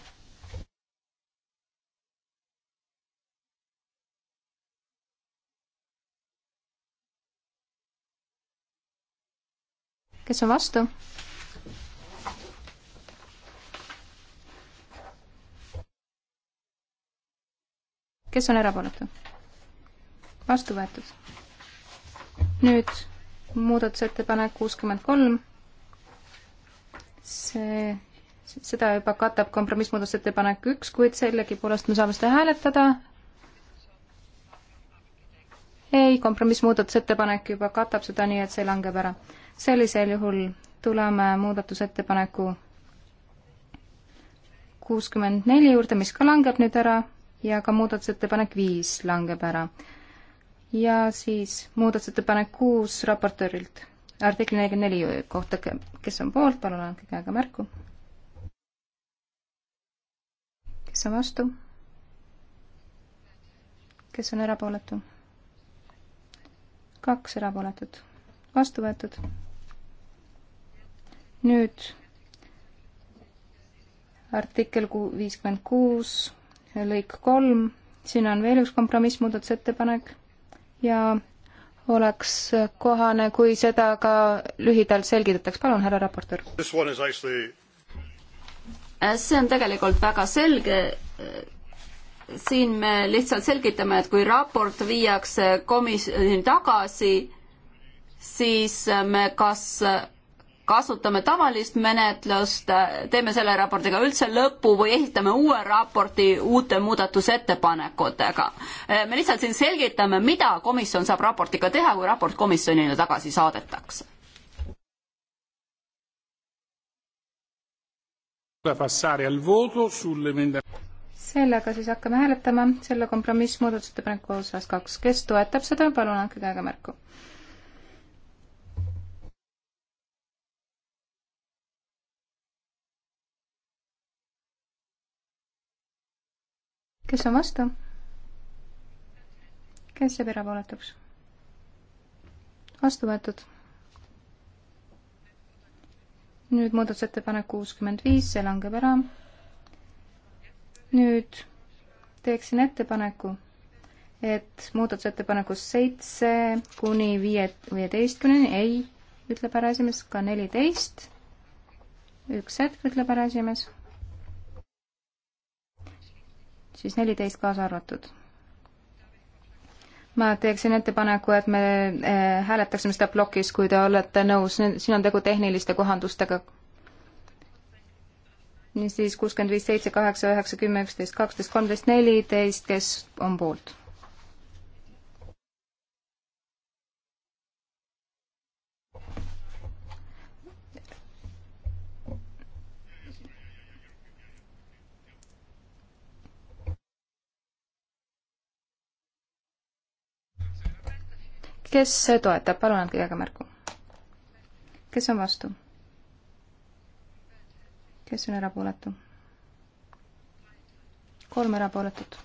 kes on vastu? kes on erapooletu? vastu võetud nüüd muudatusettepanek kuuskümmend kolm, see, seda juba katab kompromissmuudatusettepanek üks, kuid sellegipoolest me saame seda hääletada. ei, kompromissmuudatusettepanek juba katab seda, nii et see langeb ära. sellisel juhul tuleme muudatusettepaneku kuuskümmend neli juurde, mis ka langeb nüüd ära ja ka muudatusettepanek viis langeb ära ja siis muudatusettepanek kuus raportöörilt artikli nelikümmend neli kohta, kes on poolt, palun andke käega märku. kes on vastu? kes on erapooletu? kaks erapooletut, vastu võetud. nüüd artikkel viiskümmend kuus, lõik kolm, siin on veel üks kompromissmuudatusettepanek ja oleks kohane, kui seda ka lühidalt selgitataks. palun, härra raportöör. see on tegelikult väga selge.
siin me lihtsalt selgitame, et kui raport viiakse komisjoni tagasi, siis me kas kasutame tavalist menetlust, teeme selle raportiga üldse lõpu või esitame uue raporti uute muudatusettepanekutega. me lihtsalt siin selgitame, mida komisjon saab raportiga teha, kui raport komisjonile tagasi saadetakse.
sellega siis hakkame hääletama selle kompromissmuudatusettepaneku osas kaks, kes toetab seda, palun andke käega märku kes on vastu? kes jääb erapooletuks? vastu võetud. nüüd muudatusettepanek kuuskümmend viis, see langeb ära. nüüd teeksin ettepaneku, et muudatusettepanekust seitse kuni viie, viieteistkümneni, ei, ütleb härra esimees, ka neliteist. üks hetk, ütleb härra esimees siis neliteist kaasa arvatud. ma teeksin ettepaneku, et me eh, hääletaksime seda plokis, kui te olete nõus, siin on tegu tehniliste kohandustega. niisiis kuuskümmend viis, seitse, kaheksa, üheksa, kümme, üksteist, kaksteist, kolmteist, neliteist, kes on poolt kes toetab, palun andke käega märku. kes on vastu? kes on erapooletu? kolm erapooletut.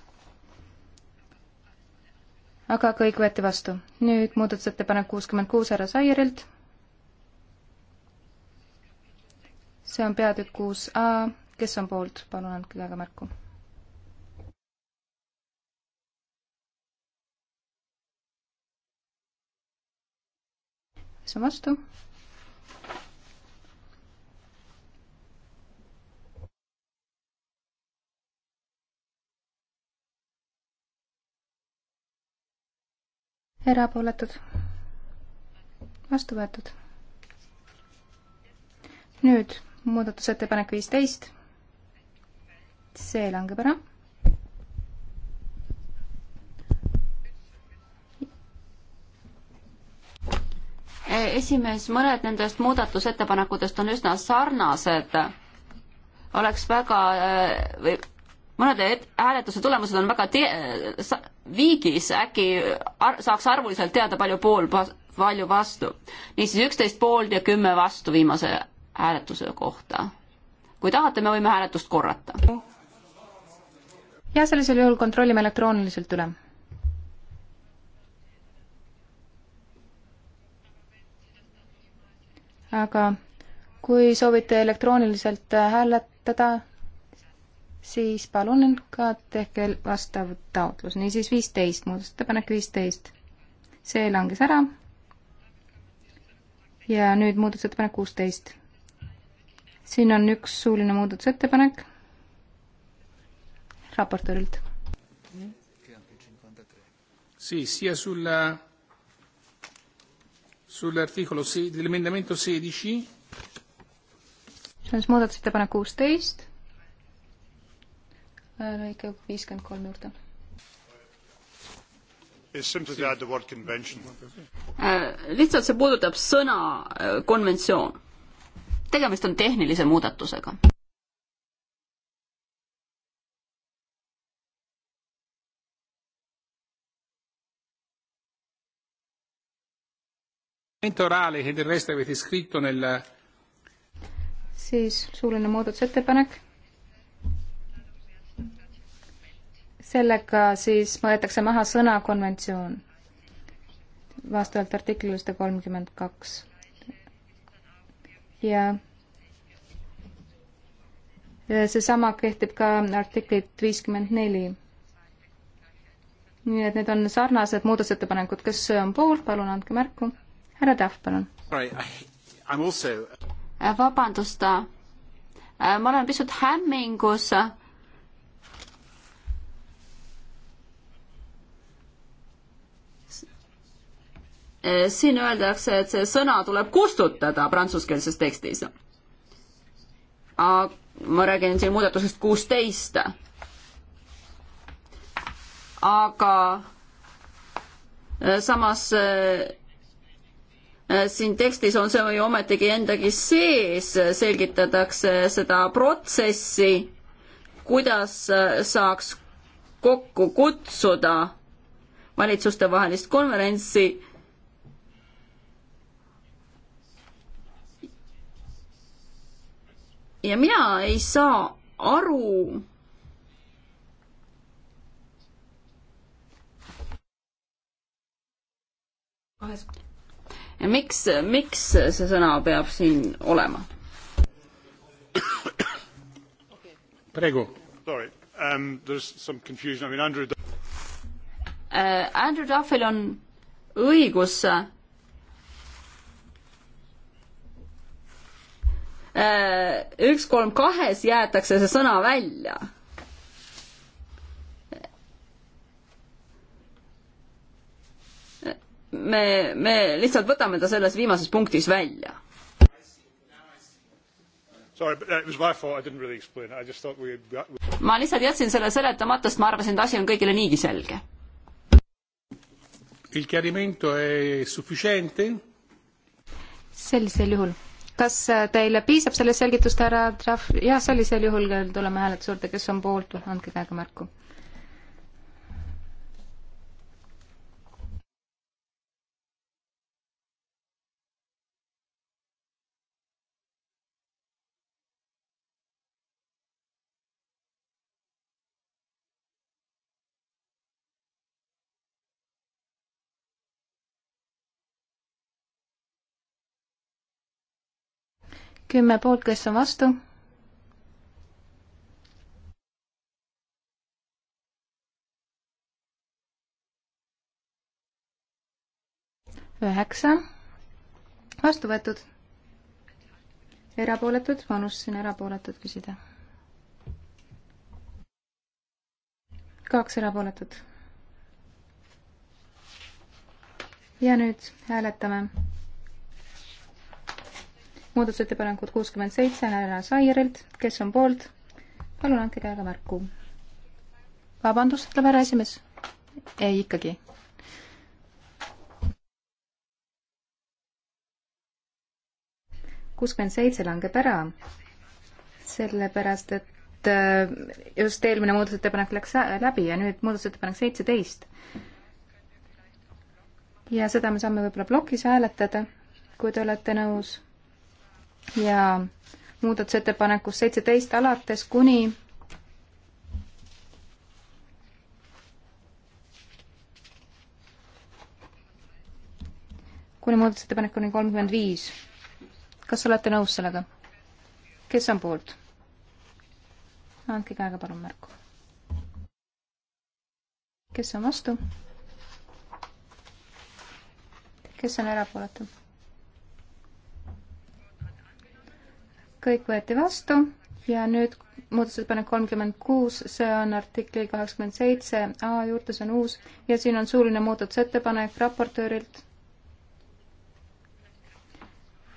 aga kõik võeti vastu. nüüd muudatusettepanek kuuskümmend kuus härra Saierilt. see on peatükk kuus A, kes on poolt, palun andke käega märku kes on vastu? erapooletud, vastu võetud. nüüd muudatusettepanek viisteist, see langeb ära
esimees, mõned nendest muudatusettepanekutest on üsna sarnased. oleks väga, äh, või mõnede hääletuse tulemused on väga te-, äh, viigis, äkki ar saaks arvuliselt teada, palju pool, palju vastu. niisiis üksteist poolt ja kümme vastu viimase hääletuse kohta. kui tahate, me võime hääletust korrata.
ja sellisel juhul kontrollime elektrooniliselt üle aga kui soovite elektrooniliselt äh, hääletada, siis palun ka tehke vastav taotlus. niisiis viisteist, muudatusettepanek viisteist. see langes ära. ja nüüd muudatusettepanek kuusteist. siin on üks suuline muudatusettepanek raportöörilt.
Sì, sia sulla sull'articolo se- dell'emendamento sedici.
selles muudatusettepanek kuusteist, lõike viiskümmend kolm juurde.
Äh, lihtsalt see puudutab sõna äh, konventsioon. tegemist on tehnilise muudatusega
orale, che del resto avete scritto nel
siis suuline muudatusettepanek. sellega siis võetakse maha sõna konventsioon vastavalt artiklile sada kolmkümmend kaks. ja seesama kehtib ka artiklit viiskümmend neli. nii et need on sarnased muudatusettepanekud, kes on poolt, palun andke märku härra Tahv, palun.
Äh, vabandust, äh, äh, ma olen pisut hämmingus. siin öeldakse, et see sõna tuleb kustutada prantsuskeelses tekstis. ma räägin siin muudatusest kuusteist. aga samas Äh, siin tekstis on see ju ometigi endagi sees, selgitatakse seda protsessi, kuidas äh, saaks kokku kutsuda valitsustevahelist konverentsi. ja mina ei saa aru ja miks, miks see sõna peab siin olema?
praegu. Um, I mean, Andrew...
Uh, Andrew Duffil on õigus uh, üks kolm kahes jäetakse see sõna välja me, me lihtsalt võtame ta selles viimases punktis välja.
Uh, ma lihtsalt
jätsin selle seletamata, sest ma arvasin, et asi on kõigile niigi selge.
sellisel juhul, kas äh, teile piisab sellest selgitust, härra Trahv? jah, sellisel juhul tuleme hääletuse juurde, kes on poolt, andke käega märku kümme poolt, kes on vastu? üheksa, vastu võetud. erapooletud, ma unustasin erapooletud küsida. kaks erapooletut. ja nüüd hääletame muudatusettepanekud kuuskümmend seitse härra Saierelt, kes on poolt, palun andke käega märku. vabandust, ütleb härra esimees. ei, ikkagi. kuuskümmend seitse langeb ära, sellepärast et äh, just eelmine muudatusettepanek läks äh, läbi ja nüüd muudatusettepanek seitseteist. ja seda me saame võib-olla plokis hääletada, kui te olete nõus ja muudatusettepanekust seitseteist alates kuni kuni muudatusettepanekuni kolmkümmend viis. kas olete nõus sellega? kes on poolt? andke käega palun märku. kes on vastu? kes on erapooletu? kõik võeti vastu ja nüüd muudatusettepanek kolmkümmend kuus, see on artikli kaheksakümmend seitse A juurde, see on uus ja siin on suuline muudatusettepanek raportöörilt.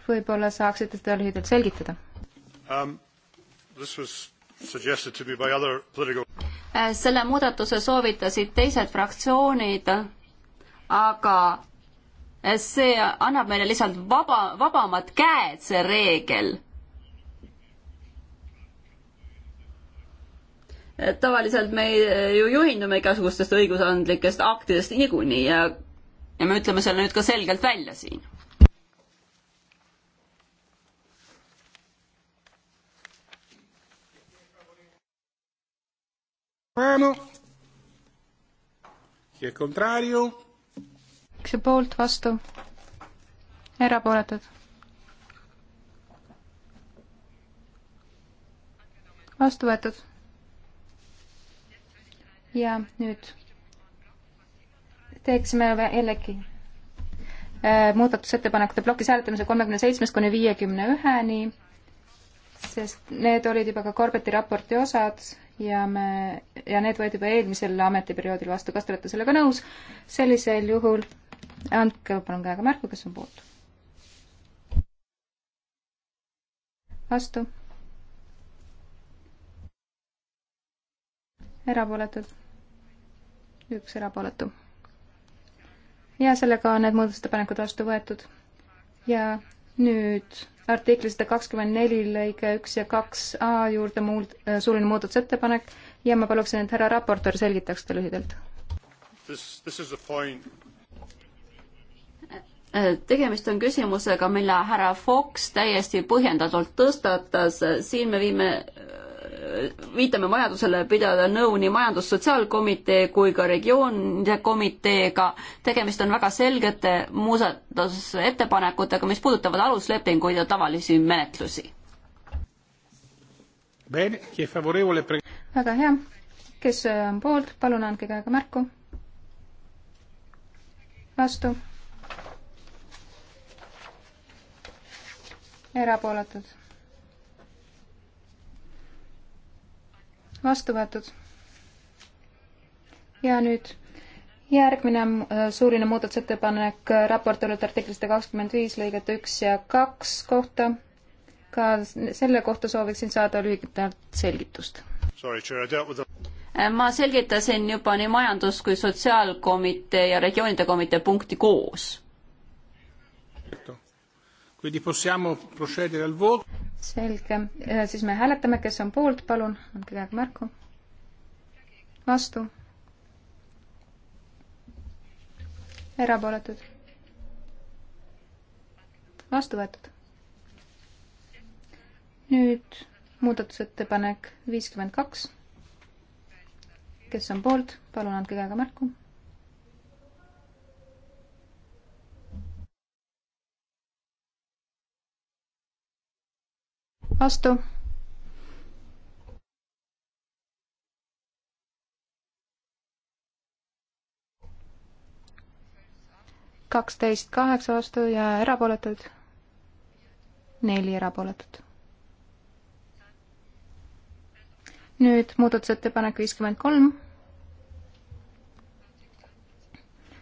võib-olla saaksite seda lühidalt selgitada
um,? Political...
Äh, selle muudatuse soovitasid teised fraktsioonid, aga äh, see annab meile lihtsalt vaba, vabamad käed, see reegel et tavaliselt me ju juhindume igasugustest õigusandlikest aktidest niikuinii ja, ja me ütleme selle nüüd ka selgelt välja siin.
üks ja
poolt, vastu, erapooletud. vastu võetud ja nüüd teeksime jällegi äh, muudatusettepanekute plokis hääletamise kolmekümne seitsmest kuni viiekümne üheni, sest need olid juba ka Corbeti raporti osad ja me, ja need võeti juba eelmisel ametiperioodil vastu, kas te olete sellega nõus? sellisel juhul andke palun käega märku, kes on poolt. vastu. erapooletud üks erapooletu. ja sellega on need muudatusettepanekud vastu võetud. ja nüüd artikli sada kakskümmend neli lõige üks ja kaks A juurde muud, äh, suuline muudatusettepanek ja ma paluksin, et härra raportöör selgitaks seda lühidalt.
Äh, tegemist on küsimusega, mille härra Fox täiesti põhjendatult tõstatas, siin me viime viitame vajadusele pidada nõu nii Majandus-Sotsiaalkomitee kui ka regioonide komiteega. tegemist on väga selgete muudatusettepanekutega, mis puudutavad aluslepinguid ja tavalisi menetlusi.
väga hea,
kes on poolt, palun andke käega märku. vastu. erapooletud vastu võetud. ja nüüd järgmine äh, suuline muudatusettepanek äh, raportöörid artiklite kakskümmend viis lõigete üks ja kaks kohta. ka selle kohta sooviksin saada lühidalt selgitust.
Äh,
ma selgitasin juba nii majandus- kui sotsiaalkomitee ja regioonide komitee punkti koos
selge, äh, siis me hääletame, kes on poolt, palun, andke käega märku. vastu. erapooletud. vastu võetud. nüüd muudatusettepanek viiskümmend kaks. kes on poolt, palun andke käega märku vastu. kaksteist kaheksa vastu ja erapooletuid neli erapooletut. nüüd muudatusettepanek viiskümmend kolm.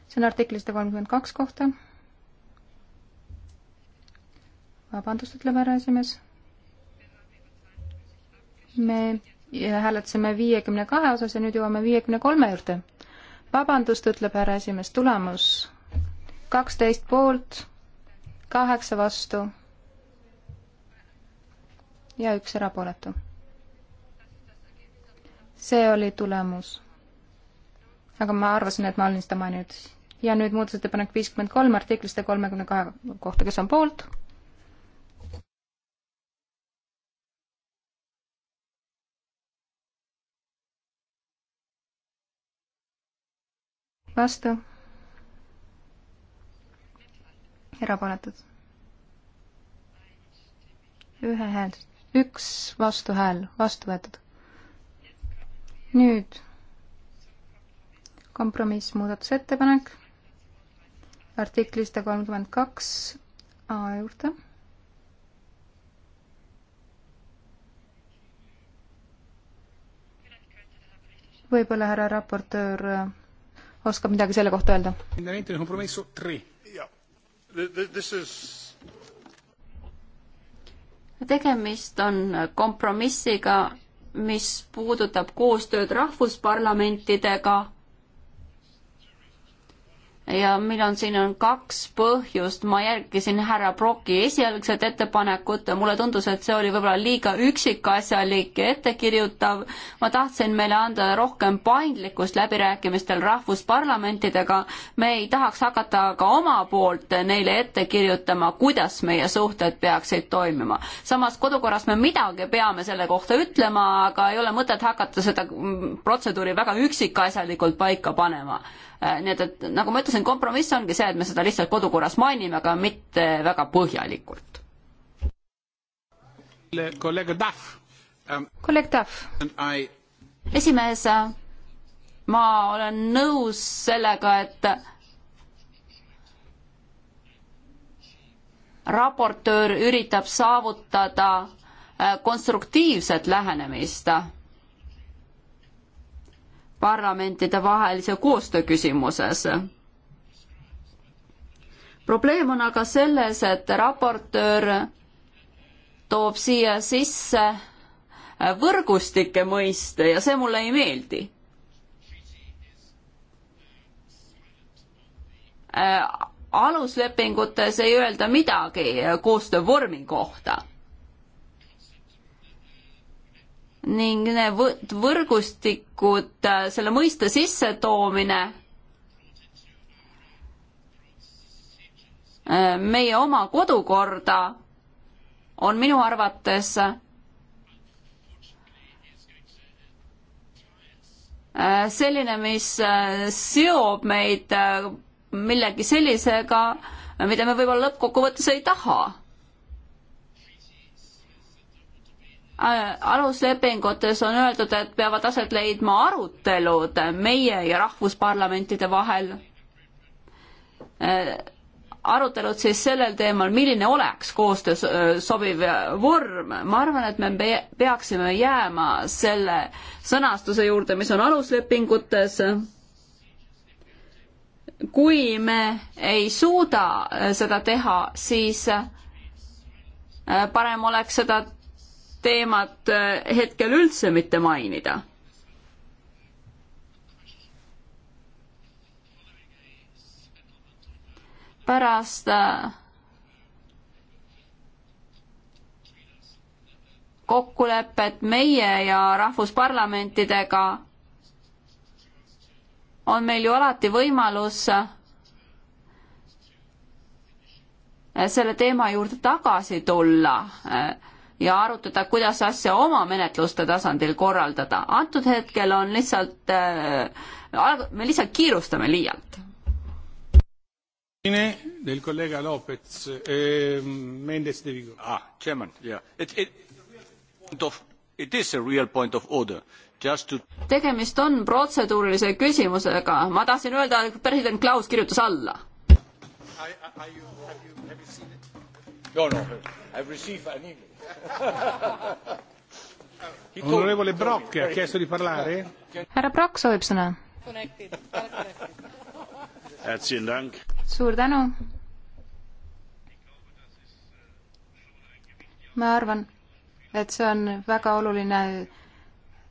see on artikli sada kolmkümmend kaks kohta. vabandust, ütleb härra esimees me hääletasime viiekümne kahe osas ja nüüd jõuame viiekümne kolme juurde. vabandust, ütleb härra esimees, tulemus kaksteist poolt, kaheksa vastu ja üks erapooletu. see oli tulemus. aga ma arvasin, et ma olin seda maininud. ja nüüd muudatusettepanek viiskümmend kolm artiklist ja kolmekümne kahe kohta, kes on poolt vastu, erapooletud. ühe hääl, üks vastuhääl, vastu võetud. nüüd kompromiss, muudatusettepanek artikli sada kolmkümmend kaks A juurde võib-olla härra raportöör äh, oskab midagi selle kohta öelda?
tegemist on kompromissiga, mis puudutab koostööd rahvusparlamentidega ja meil on siin on kaks põhjust, ma järgisin härra Broki esialgset ettepanekut, mulle tundus, et see oli võib-olla liiga üksikasjalik ja ettekirjutav. ma tahtsin meile anda rohkem paindlikkust läbirääkimistel rahvusparlamentidega. me ei tahaks hakata ka oma poolt neile ette kirjutama, kuidas meie suhted peaksid toimima. samas kodukorras me midagi peame selle kohta ütlema, aga ei ole mõtet hakata seda protseduuri väga üksikasjalikult paika panema Äh, nii et, et nagu ma ütlesin, kompromiss ongi see, et me seda lihtsalt kodukorras mainime, aga mitte väga põhjalikult.
kolleeg Tahv um,. kolleeg
Tahv. esimees, äh, ma olen nõus sellega, et raportöör üritab saavutada äh, konstruktiivset lähenemist parlamentide vahelise koostöö küsimuses. probleem on aga selles, et raportöör toob siia sisse võrgustike mõiste ja see mulle ei meeldi äh, aluslepingutes ei öelda midagi koostöövormi kohta. ning need võrgustikud, äh, selle mõiste sissetoomine äh, meie oma kodukorda on minu arvates äh, selline, mis seob meid millegi sellisega, mida me võib-olla lõppkokkuvõttes ei taha Äh, aluslepingutes on öeldud, et peavad aset leidma arutelud meie ja rahvusparlamentide vahel. Äh, arutelud siis sellel teemal, milline oleks koostöö äh, sobiv vorm. ma arvan, et me peaksime jääma selle sõnastuse juurde, mis on aluslepingutes kui me ei suuda seda teha, siis parem oleks seda teemat eh, hetkel üldse mitte mainida. pärast eh, kokkulepet meie ja rahvusparlamentidega on meil ju alati võimalus eh, selle teema juurde tagasi tulla ja arutada, kuidas asja oma menetluste tasandil korraldada. antud hetkel on lihtsalt äh,, me lihtsalt kiirustame liialt.
Del collega Lopez, eh, Mendes de Vigo. Ah, chairman, yeah. It, it, point of, it is a real point of order. To...
tegemist on protseduurilise küsimusega, ma tahtsin öelda, et president Klaus kirjutas alla. I,
I, I, have you, have you seen it? No, no, I've received an email. [LAUGHS]
Onorevole Brock ha chiesto di parlare.
härra Brock soovib sõna. suur tänu. ma arvan, et see on väga oluline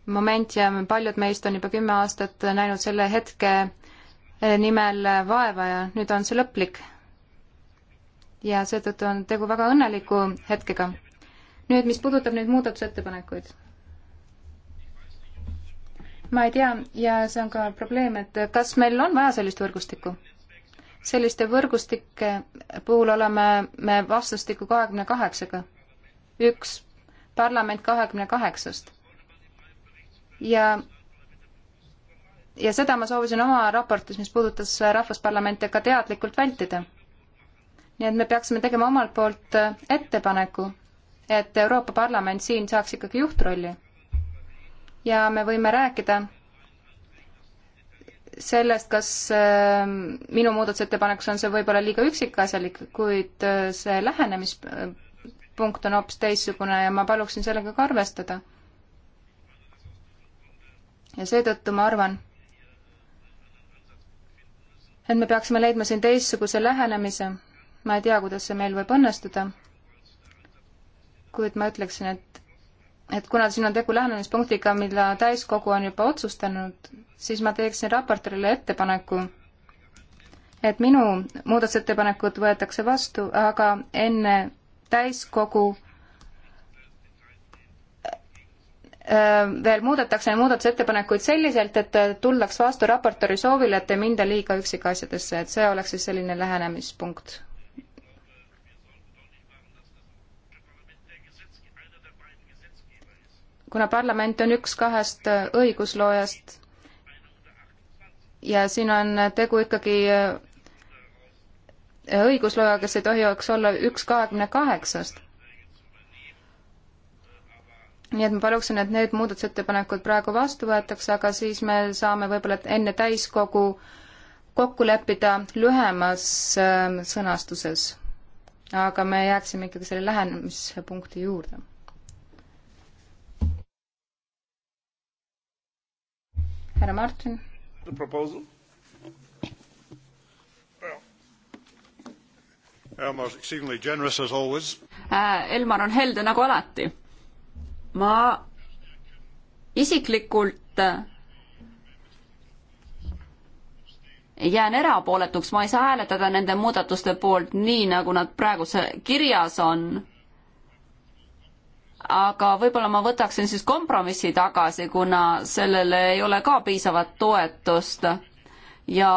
moment ja paljud meist on juba kümme aastat näinud selle hetke nimel vaeva ja nüüd on see lõplik ja seetõttu on tegu väga õnneliku hetkega. nüüd, mis puudutab neid muudatusettepanekuid. ma ei tea ja see on ka probleem, et kas meil on vaja sellist võrgustikku? selliste võrgustike puhul oleme me vastastikku kahekümne kaheksaga. üks parlament kahekümne kaheksast. ja ja seda ma soovisin oma raportis, mis puudutas Rahvusparlamente, ka teadlikult vältida nii et me peaksime tegema omalt poolt äh, ettepaneku, et Euroopa Parlament siin saaks ikkagi juhtrolli. ja me võime rääkida sellest, kas äh, minu muudatusettepanekus on see võib-olla liiga üksikasjalik, kuid äh, see lähenemispunkt on hoopis teistsugune ja ma paluksin sellega ka arvestada. ja seetõttu ma arvan, et me peaksime leidma siin teistsuguse lähenemise ma ei tea, kuidas see meil võib õnnestuda, kuid ma ütleksin, et et kuna siin on tegu lähenemispunktiga, mille täiskogu on juba otsustanud, siis ma teeksin raportorile ettepaneku, et minu muudatusettepanekud võetakse vastu, aga enne täiskogu äh, veel muudetakse muudatusettepanekuid selliselt, et tuldaks vastu raportööri soovile, et ei minda liiga üksikasjadesse, et see oleks siis selline lähenemispunkt kuna parlament on üks kahest õigusloojast ja siin on tegu ikkagi õiguslooja, kes ei tohiks olla üks kahekümne kaheksast. nii et ma paluksin, et need muudatusettepanekud praegu vastu võetakse, aga siis me saame võib-olla enne täiskogu kokku leppida lühemas ähm, sõnastuses. aga me jääksime ikkagi selle lähenemispunkti juurde härra Martin.
Äh, Elmar on helde nagu alati. ma isiklikult äh, jään erapooletuks, ma ei saa hääletada nende muudatuste poolt nii, nagu nad praeguse kirjas on aga võib-olla ma võtaksin siis kompromissi tagasi, kuna sellele ei ole ka piisavat toetust ja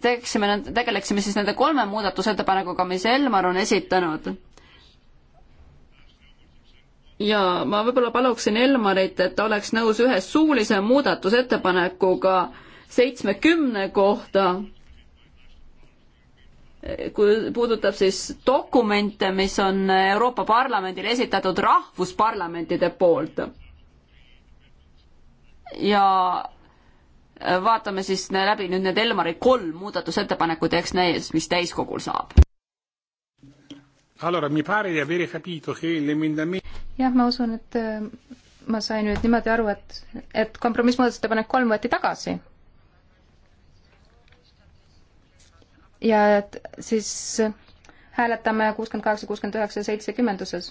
teeksime, tegeleksime siis nende kolme muudatusettepanekuga, mis Elmar on esitanud. ja ma võib-olla paluksin Elmarit, et ta oleks nõus ühe suulise muudatusettepanekuga seitsmekümne kohta kui puudutab siis dokumente, mis on Euroopa Parlamendile esitatud rahvusparlamentide poolt. ja vaatame siis läbi nüüd need Elmari kolm muudatusettepanekut ja eks näe siis,
mis täiskogul saab.
jah, ma usun, et äh, ma sain nüüd niimoodi aru, et, et kompromissmuudatusettepanek kolm võeti tagasi ja et siis hääletame kuuskümmend kaheksa, kuuskümmend üheksa ja seitsekümmend osas.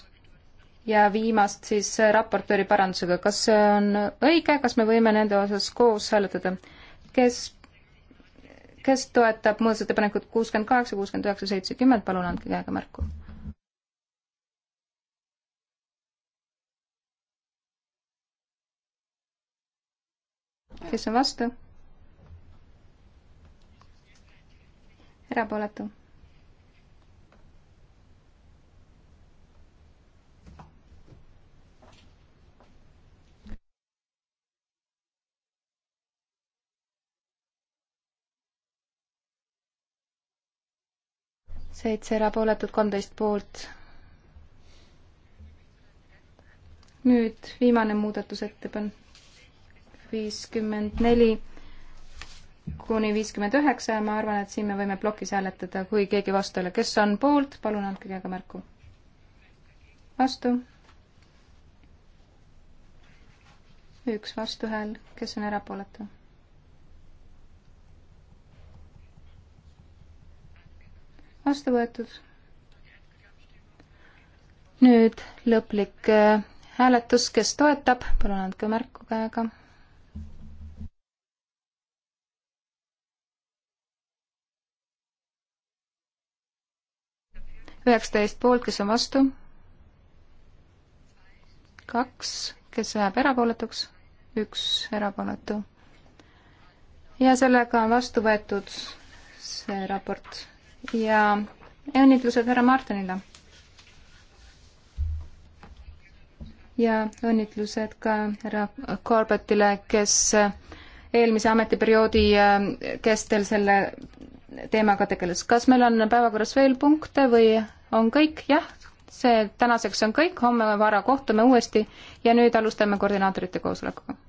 ja viimast siis raportööri parandusega, kas see on õige, kas me võime nende osas koos hääletada? kes, kes toetab muudatusettepanekut kuuskümmend kaheksa, kuuskümmend üheksa, seitsekümmend, palun andke käega märku. kes on vastu? erapooletu. seitse erapooletut, kolmteist poolt. nüüd viimane muudatusettepanek, viiskümmend neli kuni viiskümmend üheksa ja ma arvan, et siin me võime plokis hääletada, kui keegi vastu ei ole. kes on poolt, palun andke käega märku. vastu. üks vastuhääl, kes on erapooletu? vastu võetud. nüüd lõplik äh, hääletus, kes toetab, palun andke märku käega üheksateist poolt, kes on vastu? kaks, kes jääb erapooletuks? üks erapooletu. ja sellega on vastu võetud see raport ja õnnitlused härra Martinile. ja õnnitlused ka härra Corbettile, kes eelmise ametiperioodi äh, kestel selle teemaga tegeles. kas meil on päevakorras veel punkte või on kõik? jah, see tänaseks on kõik, homme vara kohtume uuesti ja nüüd alustame koordinaatorite koosolekuga